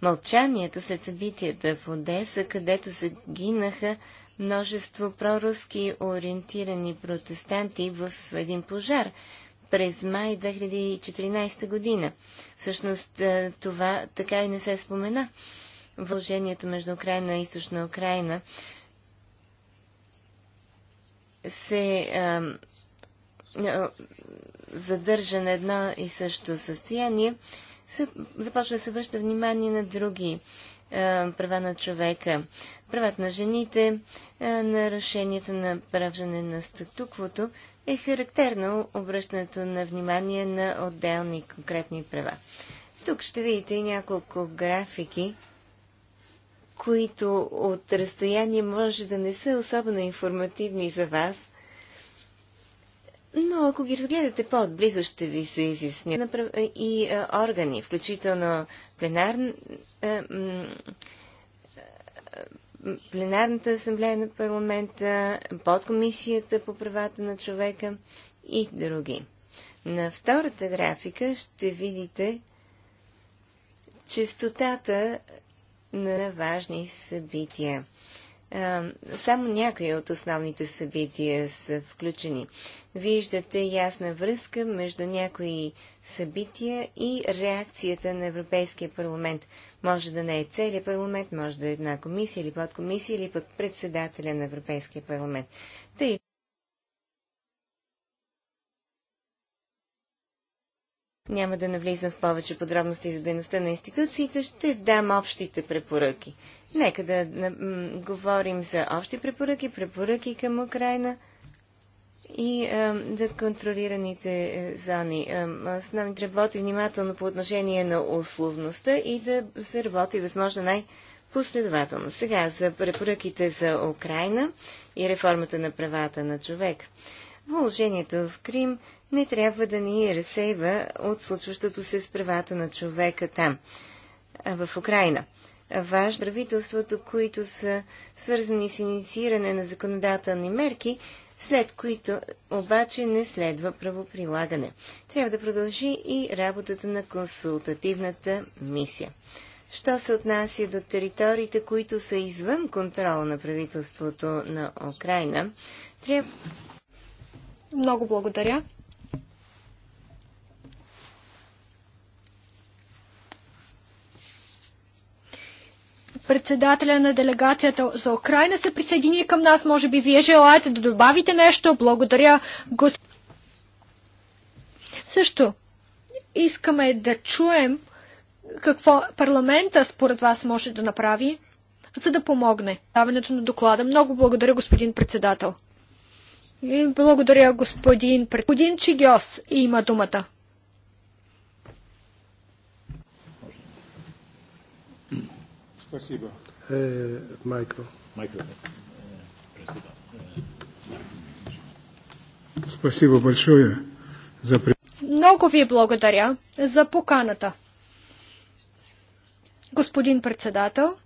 мълчанието след събитията в Одеса, където се гинаха множество проруски ориентирани протестанти в един пожар, през май 2014 година. Всъщност е, това така и не се спомена. Вължението между Украина и Източна Украина се а, е, а, е, задържа на едно и също състояние, се, започва да се връща внимание на други а, права на човека, правата на жените, нарушението на правжане на статуквото, е характерно обръщането на внимание на отделни конкретни права. Тук ще видите и няколко графики, които от разстояние може да не са особено информативни за вас, но ако ги разгледате по-отблизо, ще ви се изясня. И органи, включително пленар, пленарната асамблея на парламента, подкомисията по правата на човека и други. На втората графика ще видите честотата на важни събития. Само някои от основните събития са включени. Виждате ясна връзка между някои събития и реакцията на Европейския парламент – може да не е целият парламент, може да е една комисия или подкомисия, или пък председателя на Европейския парламент. Тъй Няма да навлизам в повече подробности за дейността на институциите, ще дам общите препоръки. Нека да говорим за общи препоръки, препоръки към Украина – и за контролираните е, зони. Основни да работи внимателно по отношение на условността и да се работи възможно най-последователно. Сега за препоръките за Украина и реформата на правата на човек. Вложението в Крим не трябва да ни разсейва от случващото се с правата на човека там, в Украина. Важно правителството, които са свързани с иницииране на законодателни мерки, след които обаче не следва правоприлагане. Трябва да продължи и работата на консултативната мисия. Що се отнася до териториите, които са извън контрола на правителството на Украина, трябва... Много благодаря. председателя на делегацията за Украина се присъедини към нас. Може би вие желаете да добавите нещо. Благодаря, господин. Също искаме да чуем какво парламента според вас може да направи, за да помогне даването на доклада. Много благодаря, господин председател. И благодаря, господин Господин Чигиос има думата. Спасибо. Е, майкро. Майкро. Спасибо большое за Много ви благодаря за поканата. Господин председател,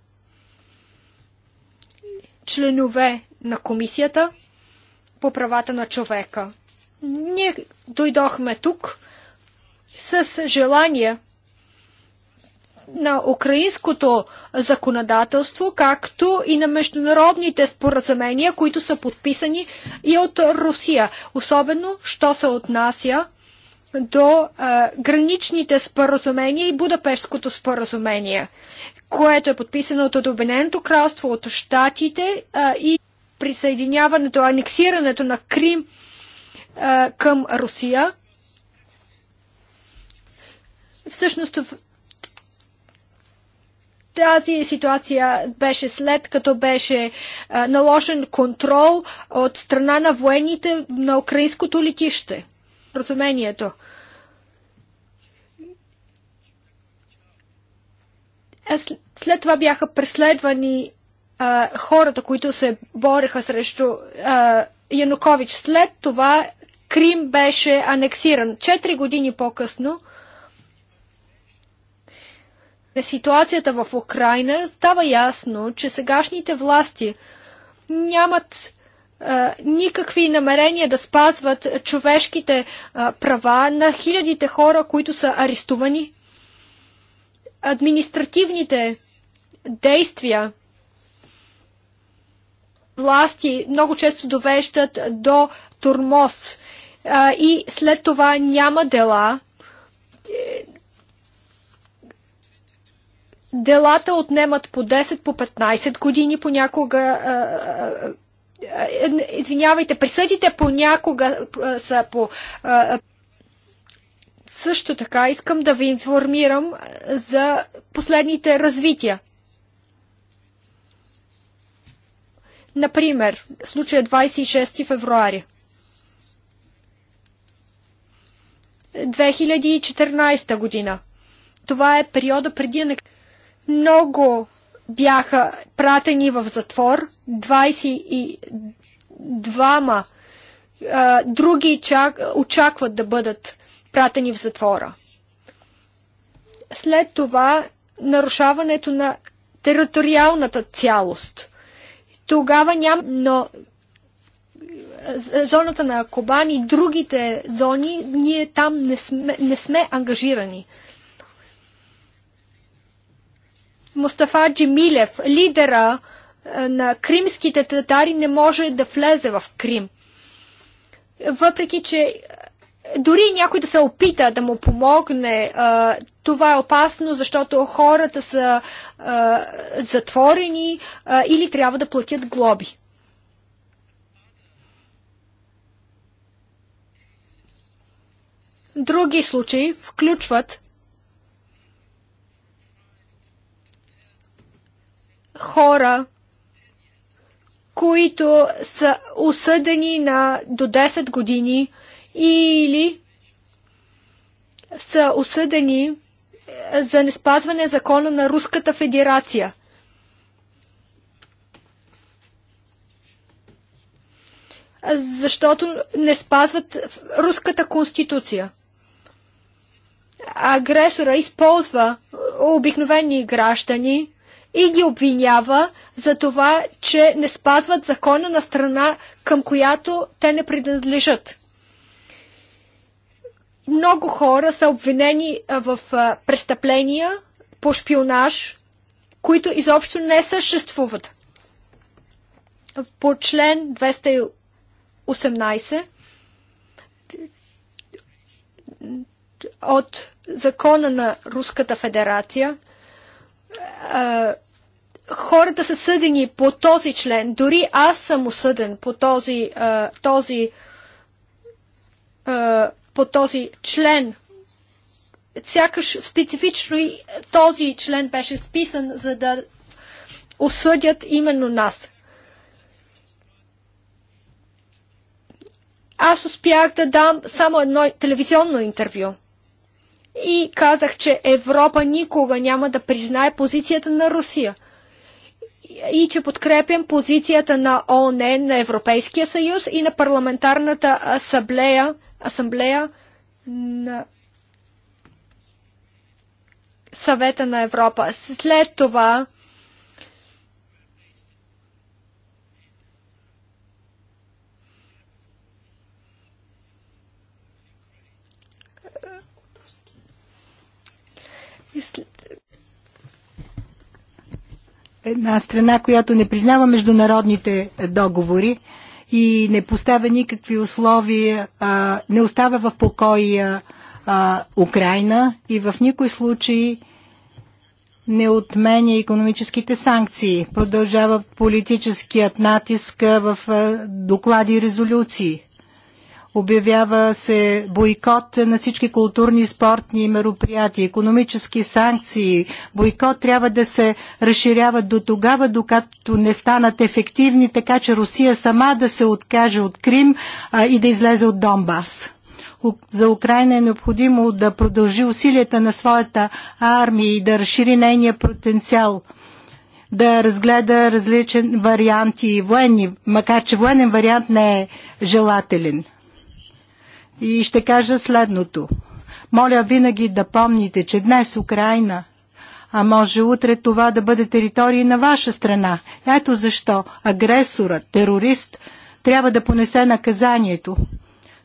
членове на комисията по правата на човека. Ние дойдохме тук с желание на украинското законодателство, както и на международните споразумения, които са подписани и от Русия. Особено, що се отнася до е, граничните споразумения и Будапештското споразумение, което е подписано от Обединеното кралство, от Штатите е, и присъединяването, анексирането на Крим е, към Русия. Всъщност тази ситуация беше след като беше а, наложен контрол от страна на военните на украинското летище. Разумението. След това бяха преследвани а, хората, които се бореха срещу а, Янукович. След това Крим беше анексиран. Четири години по-късно на ситуацията в Украина, става ясно, че сегашните власти нямат а, никакви намерения да спазват човешките а, права на хилядите хора, които са арестувани. Административните действия власти много често довеждат до турмоз а, и след това няма дела Делата отнемат по 10, по 15 години, понякога е, извинявайте, присъдите понякога са по... Също така искам да ви информирам за последните развития. Например, случая 26 февруари. 2014 година. Това е периода преди анексията. Много бяха пратени в затвор, 22-ма други чак, очакват да бъдат пратени в затвора. След това нарушаването на териториалната цялост. Тогава няма, но зоната на Кобан и другите зони, ние там не сме, не сме ангажирани. Мустафа Джимилев, лидера е, на кримските татари, не може да влезе в Крим. Въпреки, че е, дори някой да се опита да му помогне, е, това е опасно, защото хората са затворени или трябва да платят глоби. Други случаи включват хора, които са осъдени на до 10 години или са осъдени е, за неспазване закона на Руската федерация. Защото не спазват Руската конституция. Агресора използва обикновени граждани и ги обвинява за това, че не спазват закона на страна, към която те не принадлежат. Много хора са обвинени в престъпления по шпионаж, които изобщо не съществуват. По член 218 от закона на Руската федерация хората са съдени по този член. Дори аз съм осъден по този, а, този, а, по този член. Сякаш специфично и този член беше списан, за да осъдят именно нас. Аз успях да дам само едно телевизионно интервю и казах, че Европа никога няма да признае позицията на Русия и че подкрепям позицията на ООН, на Европейския съюз и на парламентарната асамблея, асамблея на съвета на Европа. След това И една страна, която не признава международните договори и не поставя никакви условия, а, не остава в покоя а, Украина и в никой случай не отменя економическите санкции. Продължава политическият натиск в доклади и резолюции. Обявява се бойкот на всички културни и спортни мероприятия, економически санкции. Бойкот трябва да се разширява до тогава, докато не станат ефективни, така че Русия сама да се откаже от Крим а, и да излезе от Донбас за Украина е необходимо да продължи усилията на своята армия и да разшири нейния потенциал, да разгледа различни варианти военни, макар че военен вариант не е желателен. И ще кажа следното. Моля винаги да помните, че днес Украина, а може утре това да бъде територия на ваша страна. Ето защо агресорът, терорист, трябва да понесе наказанието.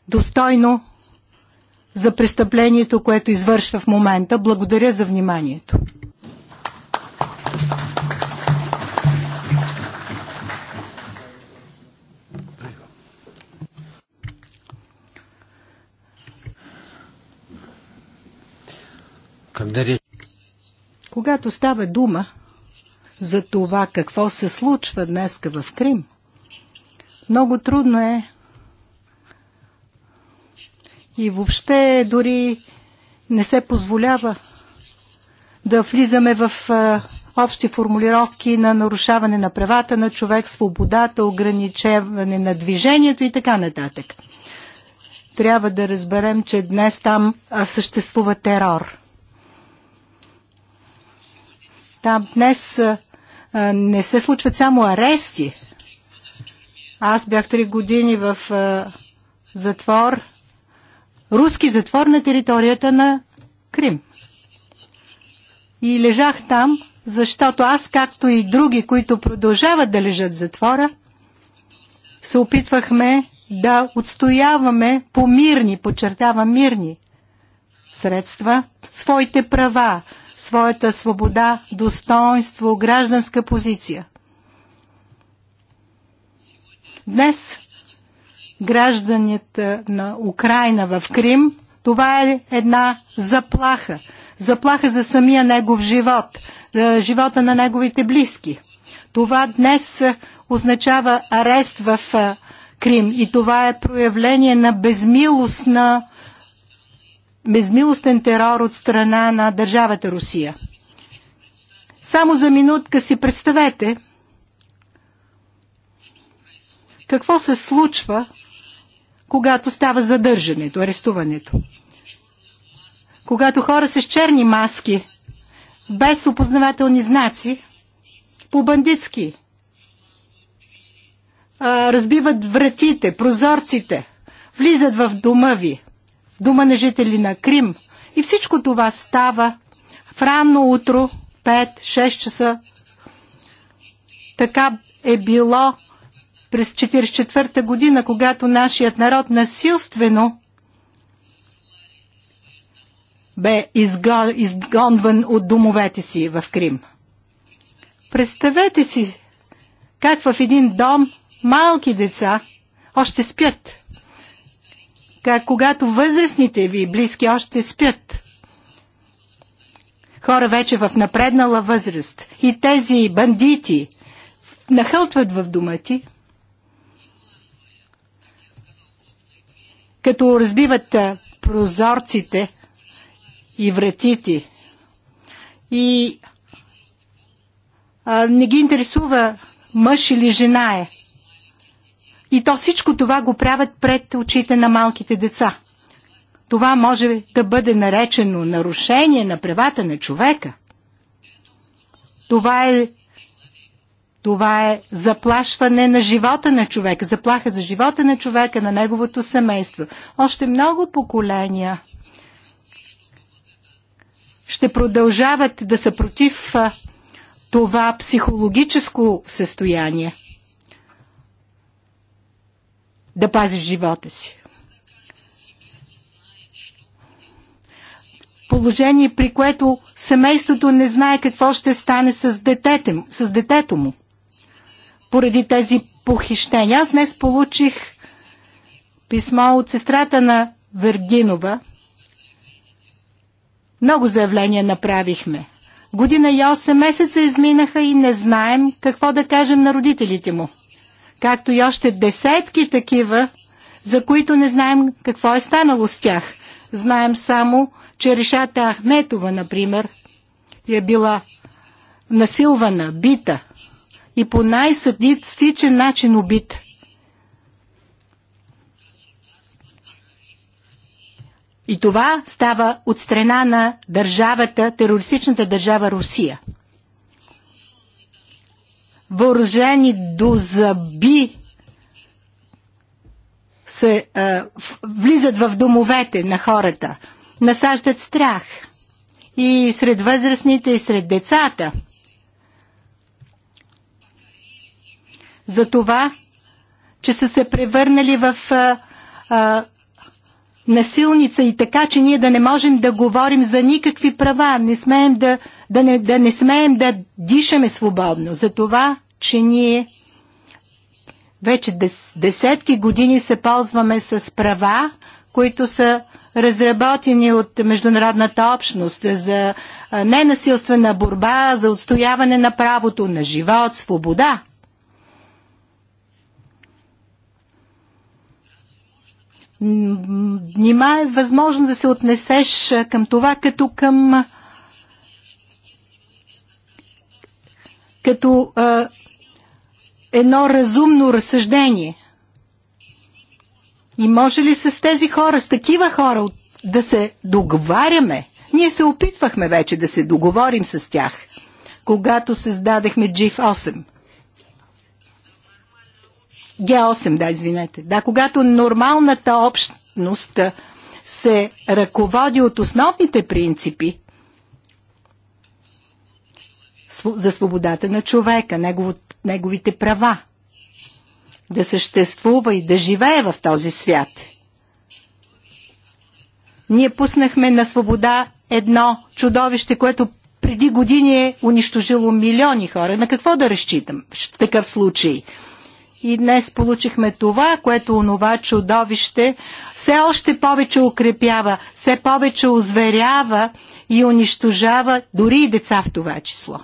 Достойно за престъплението, което извършва в момента. Благодаря за вниманието. Когато става дума за това какво се случва днес в Крим, много трудно е и въобще дори не се позволява да влизаме в общи формулировки на нарушаване на правата на човек, свободата, ограничаване на движението и така нататък. Трябва да разберем, че днес там съществува терор. Там днес не се случват само арести. Аз бях три години в затвор, руски затвор на територията на Крим. И лежах там, защото аз, както и други, които продължават да лежат в затвора, се опитвахме да отстояваме по мирни, подчертавам мирни средства, своите права, своята свобода, достоинство, гражданска позиция. Днес гражданите на Украина в Крим, това е една заплаха. Заплаха за самия негов живот, за живота на неговите близки. Това днес означава арест в Крим и това е проявление на безмилостна безмилостен терор от страна на държавата Русия. Само за минутка си представете какво се случва, когато става задържането, арестуването. Когато хора с черни маски, без опознавателни знаци, по бандитски, разбиват вратите, прозорците, влизат в дома ви – дума на жители на Крим. И всичко това става в ранно утро, 5-6 часа. Така е било през 1944 година, когато нашият народ насилствено бе изгонван от домовете си в Крим. Представете си как в един дом малки деца още спят как когато възрастните ви близки още спят. Хора вече в напреднала възраст и тези бандити нахълтват в дома ти, като разбиват прозорците и вратите. И а, не ги интересува мъж или жена е. И то всичко това го правят пред очите на малките деца. Това може да бъде наречено нарушение на правата на човека. Това е, това е заплашване на живота на човека, заплаха за живота на човека, на неговото семейство. Още много поколения ще продължават да са против това психологическо състояние – да пази живота си. Положение, при което семейството не знае какво ще стане с, детете, с детето му поради тези похищения. Аз днес получих писмо от сестрата на Вергинова. Много заявления направихме. Година и 8 месеца изминаха и не знаем какво да кажем на родителите му както и още десетки такива, за които не знаем какво е станало с тях. Знаем само, че Решата Ахметова, например, е била насилвана, бита и по най съдистичен начин убита. И това става от страна на държавата, терористичната държава Русия въоръжени до зъби се, а, влизат в домовете на хората, насаждат страх и сред възрастните, и сред децата. За това, че са се превърнали в а, а, насилница и така, че ние да не можем да говорим за никакви права, не смеем да, да, не, да не смеем да дишаме свободно. За това, че ние вече дес, десетки години се ползваме с права, които са разработени от международната общност за ненасилствена борба, за отстояване на правото на живот, свобода. Нима е възможно да се отнесеш към това като към като а, едно разумно разсъждение. И може ли с тези хора, с такива хора да се договаряме? Ние се опитвахме вече да се договорим с тях, когато създадехме GIF 8. Г8, да, извинете. Да, когато нормалната общност се ръководи от основните принципи за свободата на човека, неговите права, да съществува и да живее в този свят. Ние пуснахме на свобода едно чудовище, което преди години е унищожило милиони хора. На какво да разчитам в такъв случай? и днес получихме това, което онова чудовище все още повече укрепява, все повече озверява и унищожава дори и деца в това число.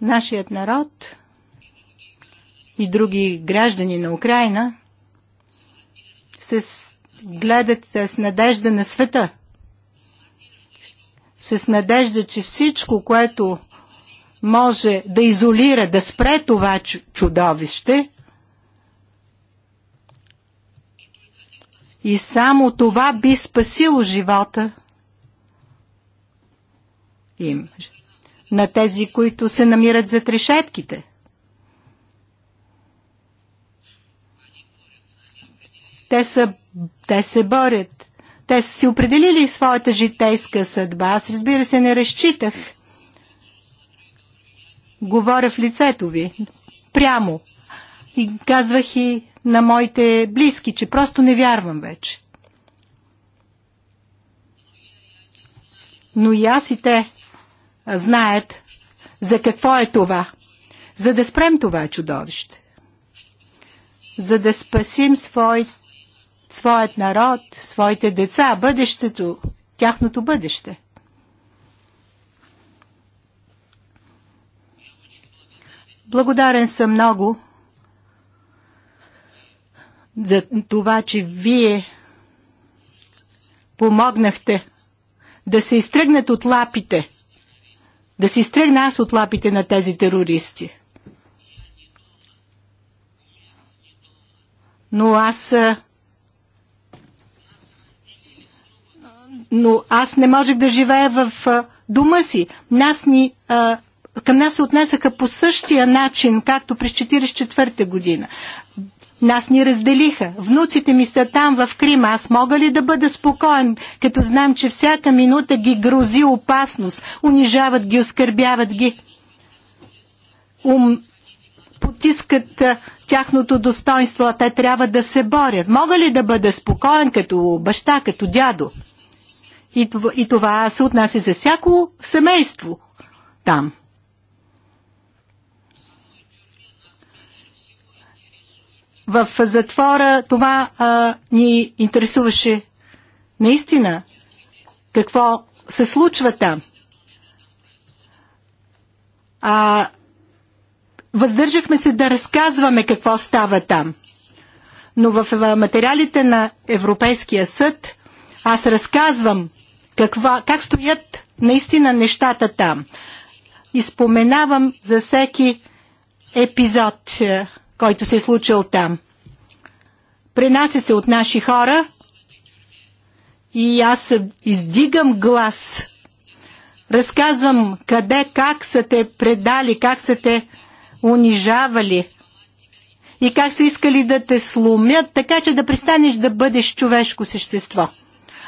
Нашият народ и други граждани на Украина се гледат с надежда на света. С надежда, че всичко, което може да изолира, да спре това чудовище. И само това би спасило живота им, на тези, които се намират за трешетките. Те, са, те се борят. Те са си определили своята житейска съдба. Аз разбира се не разчитах говоря в лицето ви, прямо. И казвах и на моите близки, че просто не вярвам вече. Но и аз и те знаят за какво е това. За да спрем това чудовище. За да спасим свой, своят народ, своите деца, бъдещето, тяхното бъдеще. Благодарен съм много за това, че вие помогнахте да се изтръгнат от лапите, да се изтръгна аз от лапите на тези терористи. Но аз но аз не можех да живея в дома си. Нас ни а, към нас се отнесаха по същия начин, както през 1944 година. Нас ни разделиха. Внуците ми са там в Крим. Аз мога ли да бъда спокоен, като знам, че всяка минута ги грози опасност, унижават ги, оскърбяват ги, ум, потискат а, тяхното достоинство, а те трябва да се борят. Мога ли да бъда спокоен като баща, като дядо? И това, и това се отнася за всяко семейство там. в затвора. Това а, ни интересуваше наистина какво се случва там. А, въздържахме се да разказваме какво става там. Но в материалите на Европейския съд аз разказвам каква, как стоят наистина нещата там. споменавам за всеки епизод който се е случил там. Пренася се от наши хора и аз издигам глас. Разказвам къде, как са те предали, как са те унижавали и как са искали да те сломят, така че да престанеш да бъдеш човешко същество.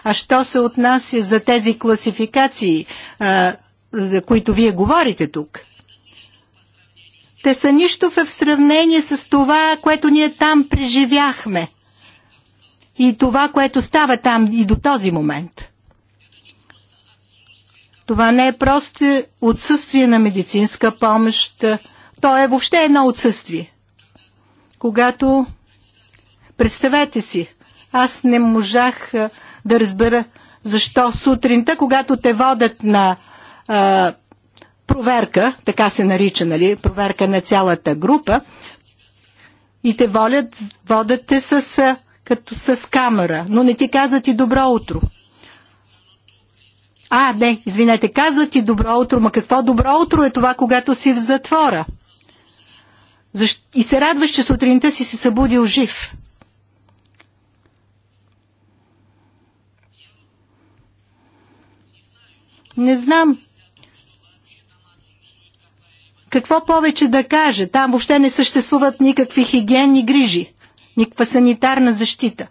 А що се отнася за тези класификации, а, за които вие говорите тук? Те са нищо в сравнение с това, което ние там преживяхме. И това, което става там и до този момент. Това не е просто отсъствие на медицинска помощ. То е въобще едно отсъствие. Когато, представете си, аз не можах да разбера защо сутринта, когато те водят на а, проверка, така се нарича, нали, проверка на цялата група и те водят, водят те с, като с камера, но не ти казват и добро утро. А, не, извинете, казват ти добро утро, ма какво добро утро е това, когато си в затвора? И се радваш, че сутринта си се събудил жив. Не знам. Какво повече да каже? Там въобще не съществуват никакви хигиенни грижи, никаква санитарна защита.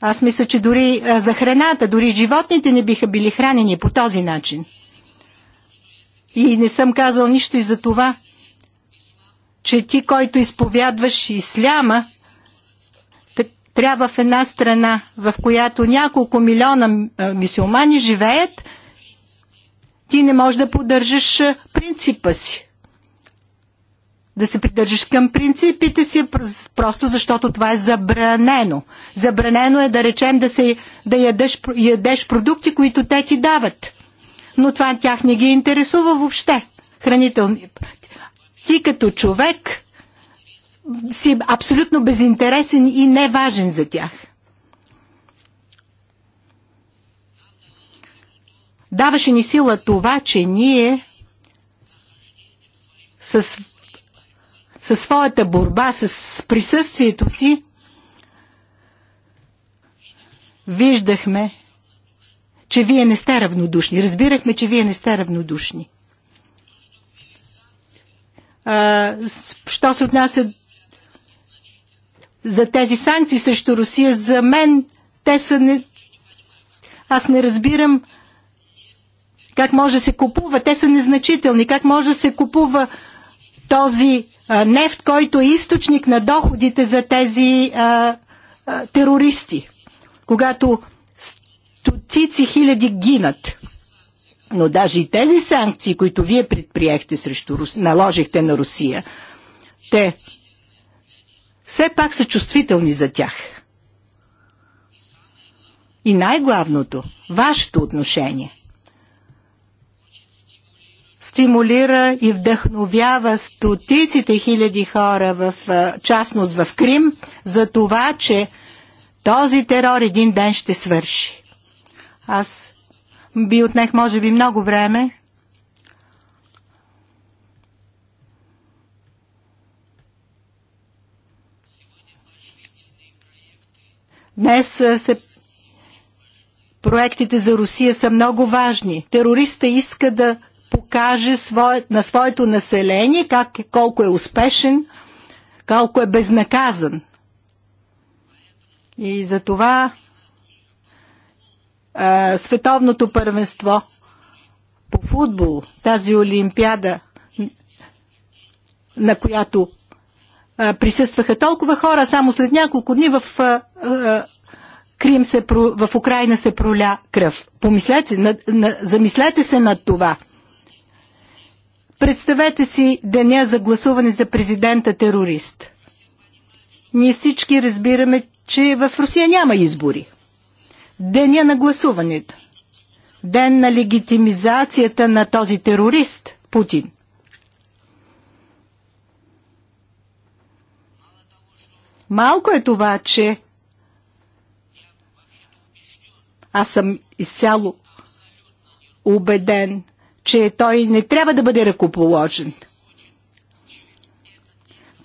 Аз мисля, че дори за храната, дори животните не биха били хранени по този начин. И не съм казал нищо и за това, че ти, който изповядваш исляма, трябва в една страна, в която няколко милиона мисиомани живеят, ти не можеш да поддържаш принципа си. Да се придържаш към принципите си, просто защото това е забранено. Забранено е да речем да, се, да ядеш, ядеш продукти, които те ти дават. Но това тях не ги интересува въобще. Хранителни. Ти като човек си абсолютно безинтересен и неважен за тях. Даваше ни сила това, че ние със, със своята борба, с присъствието си, виждахме, че вие не сте равнодушни. Разбирахме, че вие не сте равнодушни. А, що се отнася за тези санкции срещу Русия, за мен те са не... Аз не разбирам как може да се купува. Те са незначителни. Как може да се купува този а, нефт, който е източник на доходите за тези а, а, терористи, когато стотици хиляди гинат. Но даже и тези санкции, които вие предприехте срещу Рус... наложихте на Русия, те все пак са чувствителни за тях. И най-главното, вашето отношение стимулира и вдъхновява стотиците хиляди хора, в частност в Крим, за това, че този терор един ден ще свърши. Аз би отнех, може би, много време Днес се проектите за Русия са много важни. Терориста иска да покаже свое, на своето население как, колко е успешен, колко е безнаказан. И за това а, световното първенство по футбол, тази олимпиада, на която присъстваха толкова хора, само след няколко дни в Крим се, в Украина се проля кръв. Помислете, на, на, замислете се над това. Представете си деня за гласуване за президента терорист. Ние всички разбираме, че в Русия няма избори. Деня на гласуването. Ден на легитимизацията на този терорист, Путин. Малко е това, че аз съм изцяло убеден, че той не трябва да бъде ръкоположен.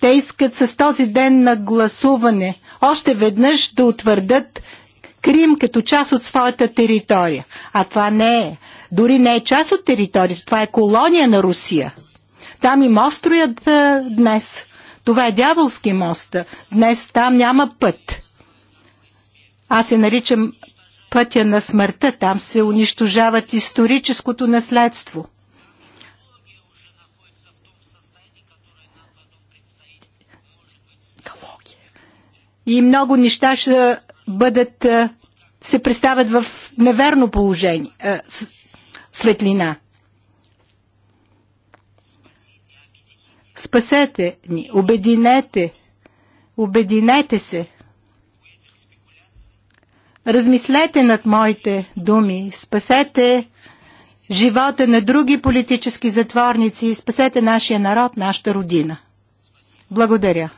Те искат с този ден на гласуване още веднъж да утвърдат Крим като част от своята територия. А това не е. Дори не е част от територията. Това е колония на Русия. Там им остроят днес. Това е дяволски мост. Днес там няма път. Аз се наричам пътя на смъртта. Там се унищожават историческото наследство. И много неща ще бъдат, се представят в неверно положение, светлина. Спасете ни, обединете, обединете се. Размислете над моите думи, спасете живота на други политически затворници спасете нашия народ, нашата родина. Благодаря.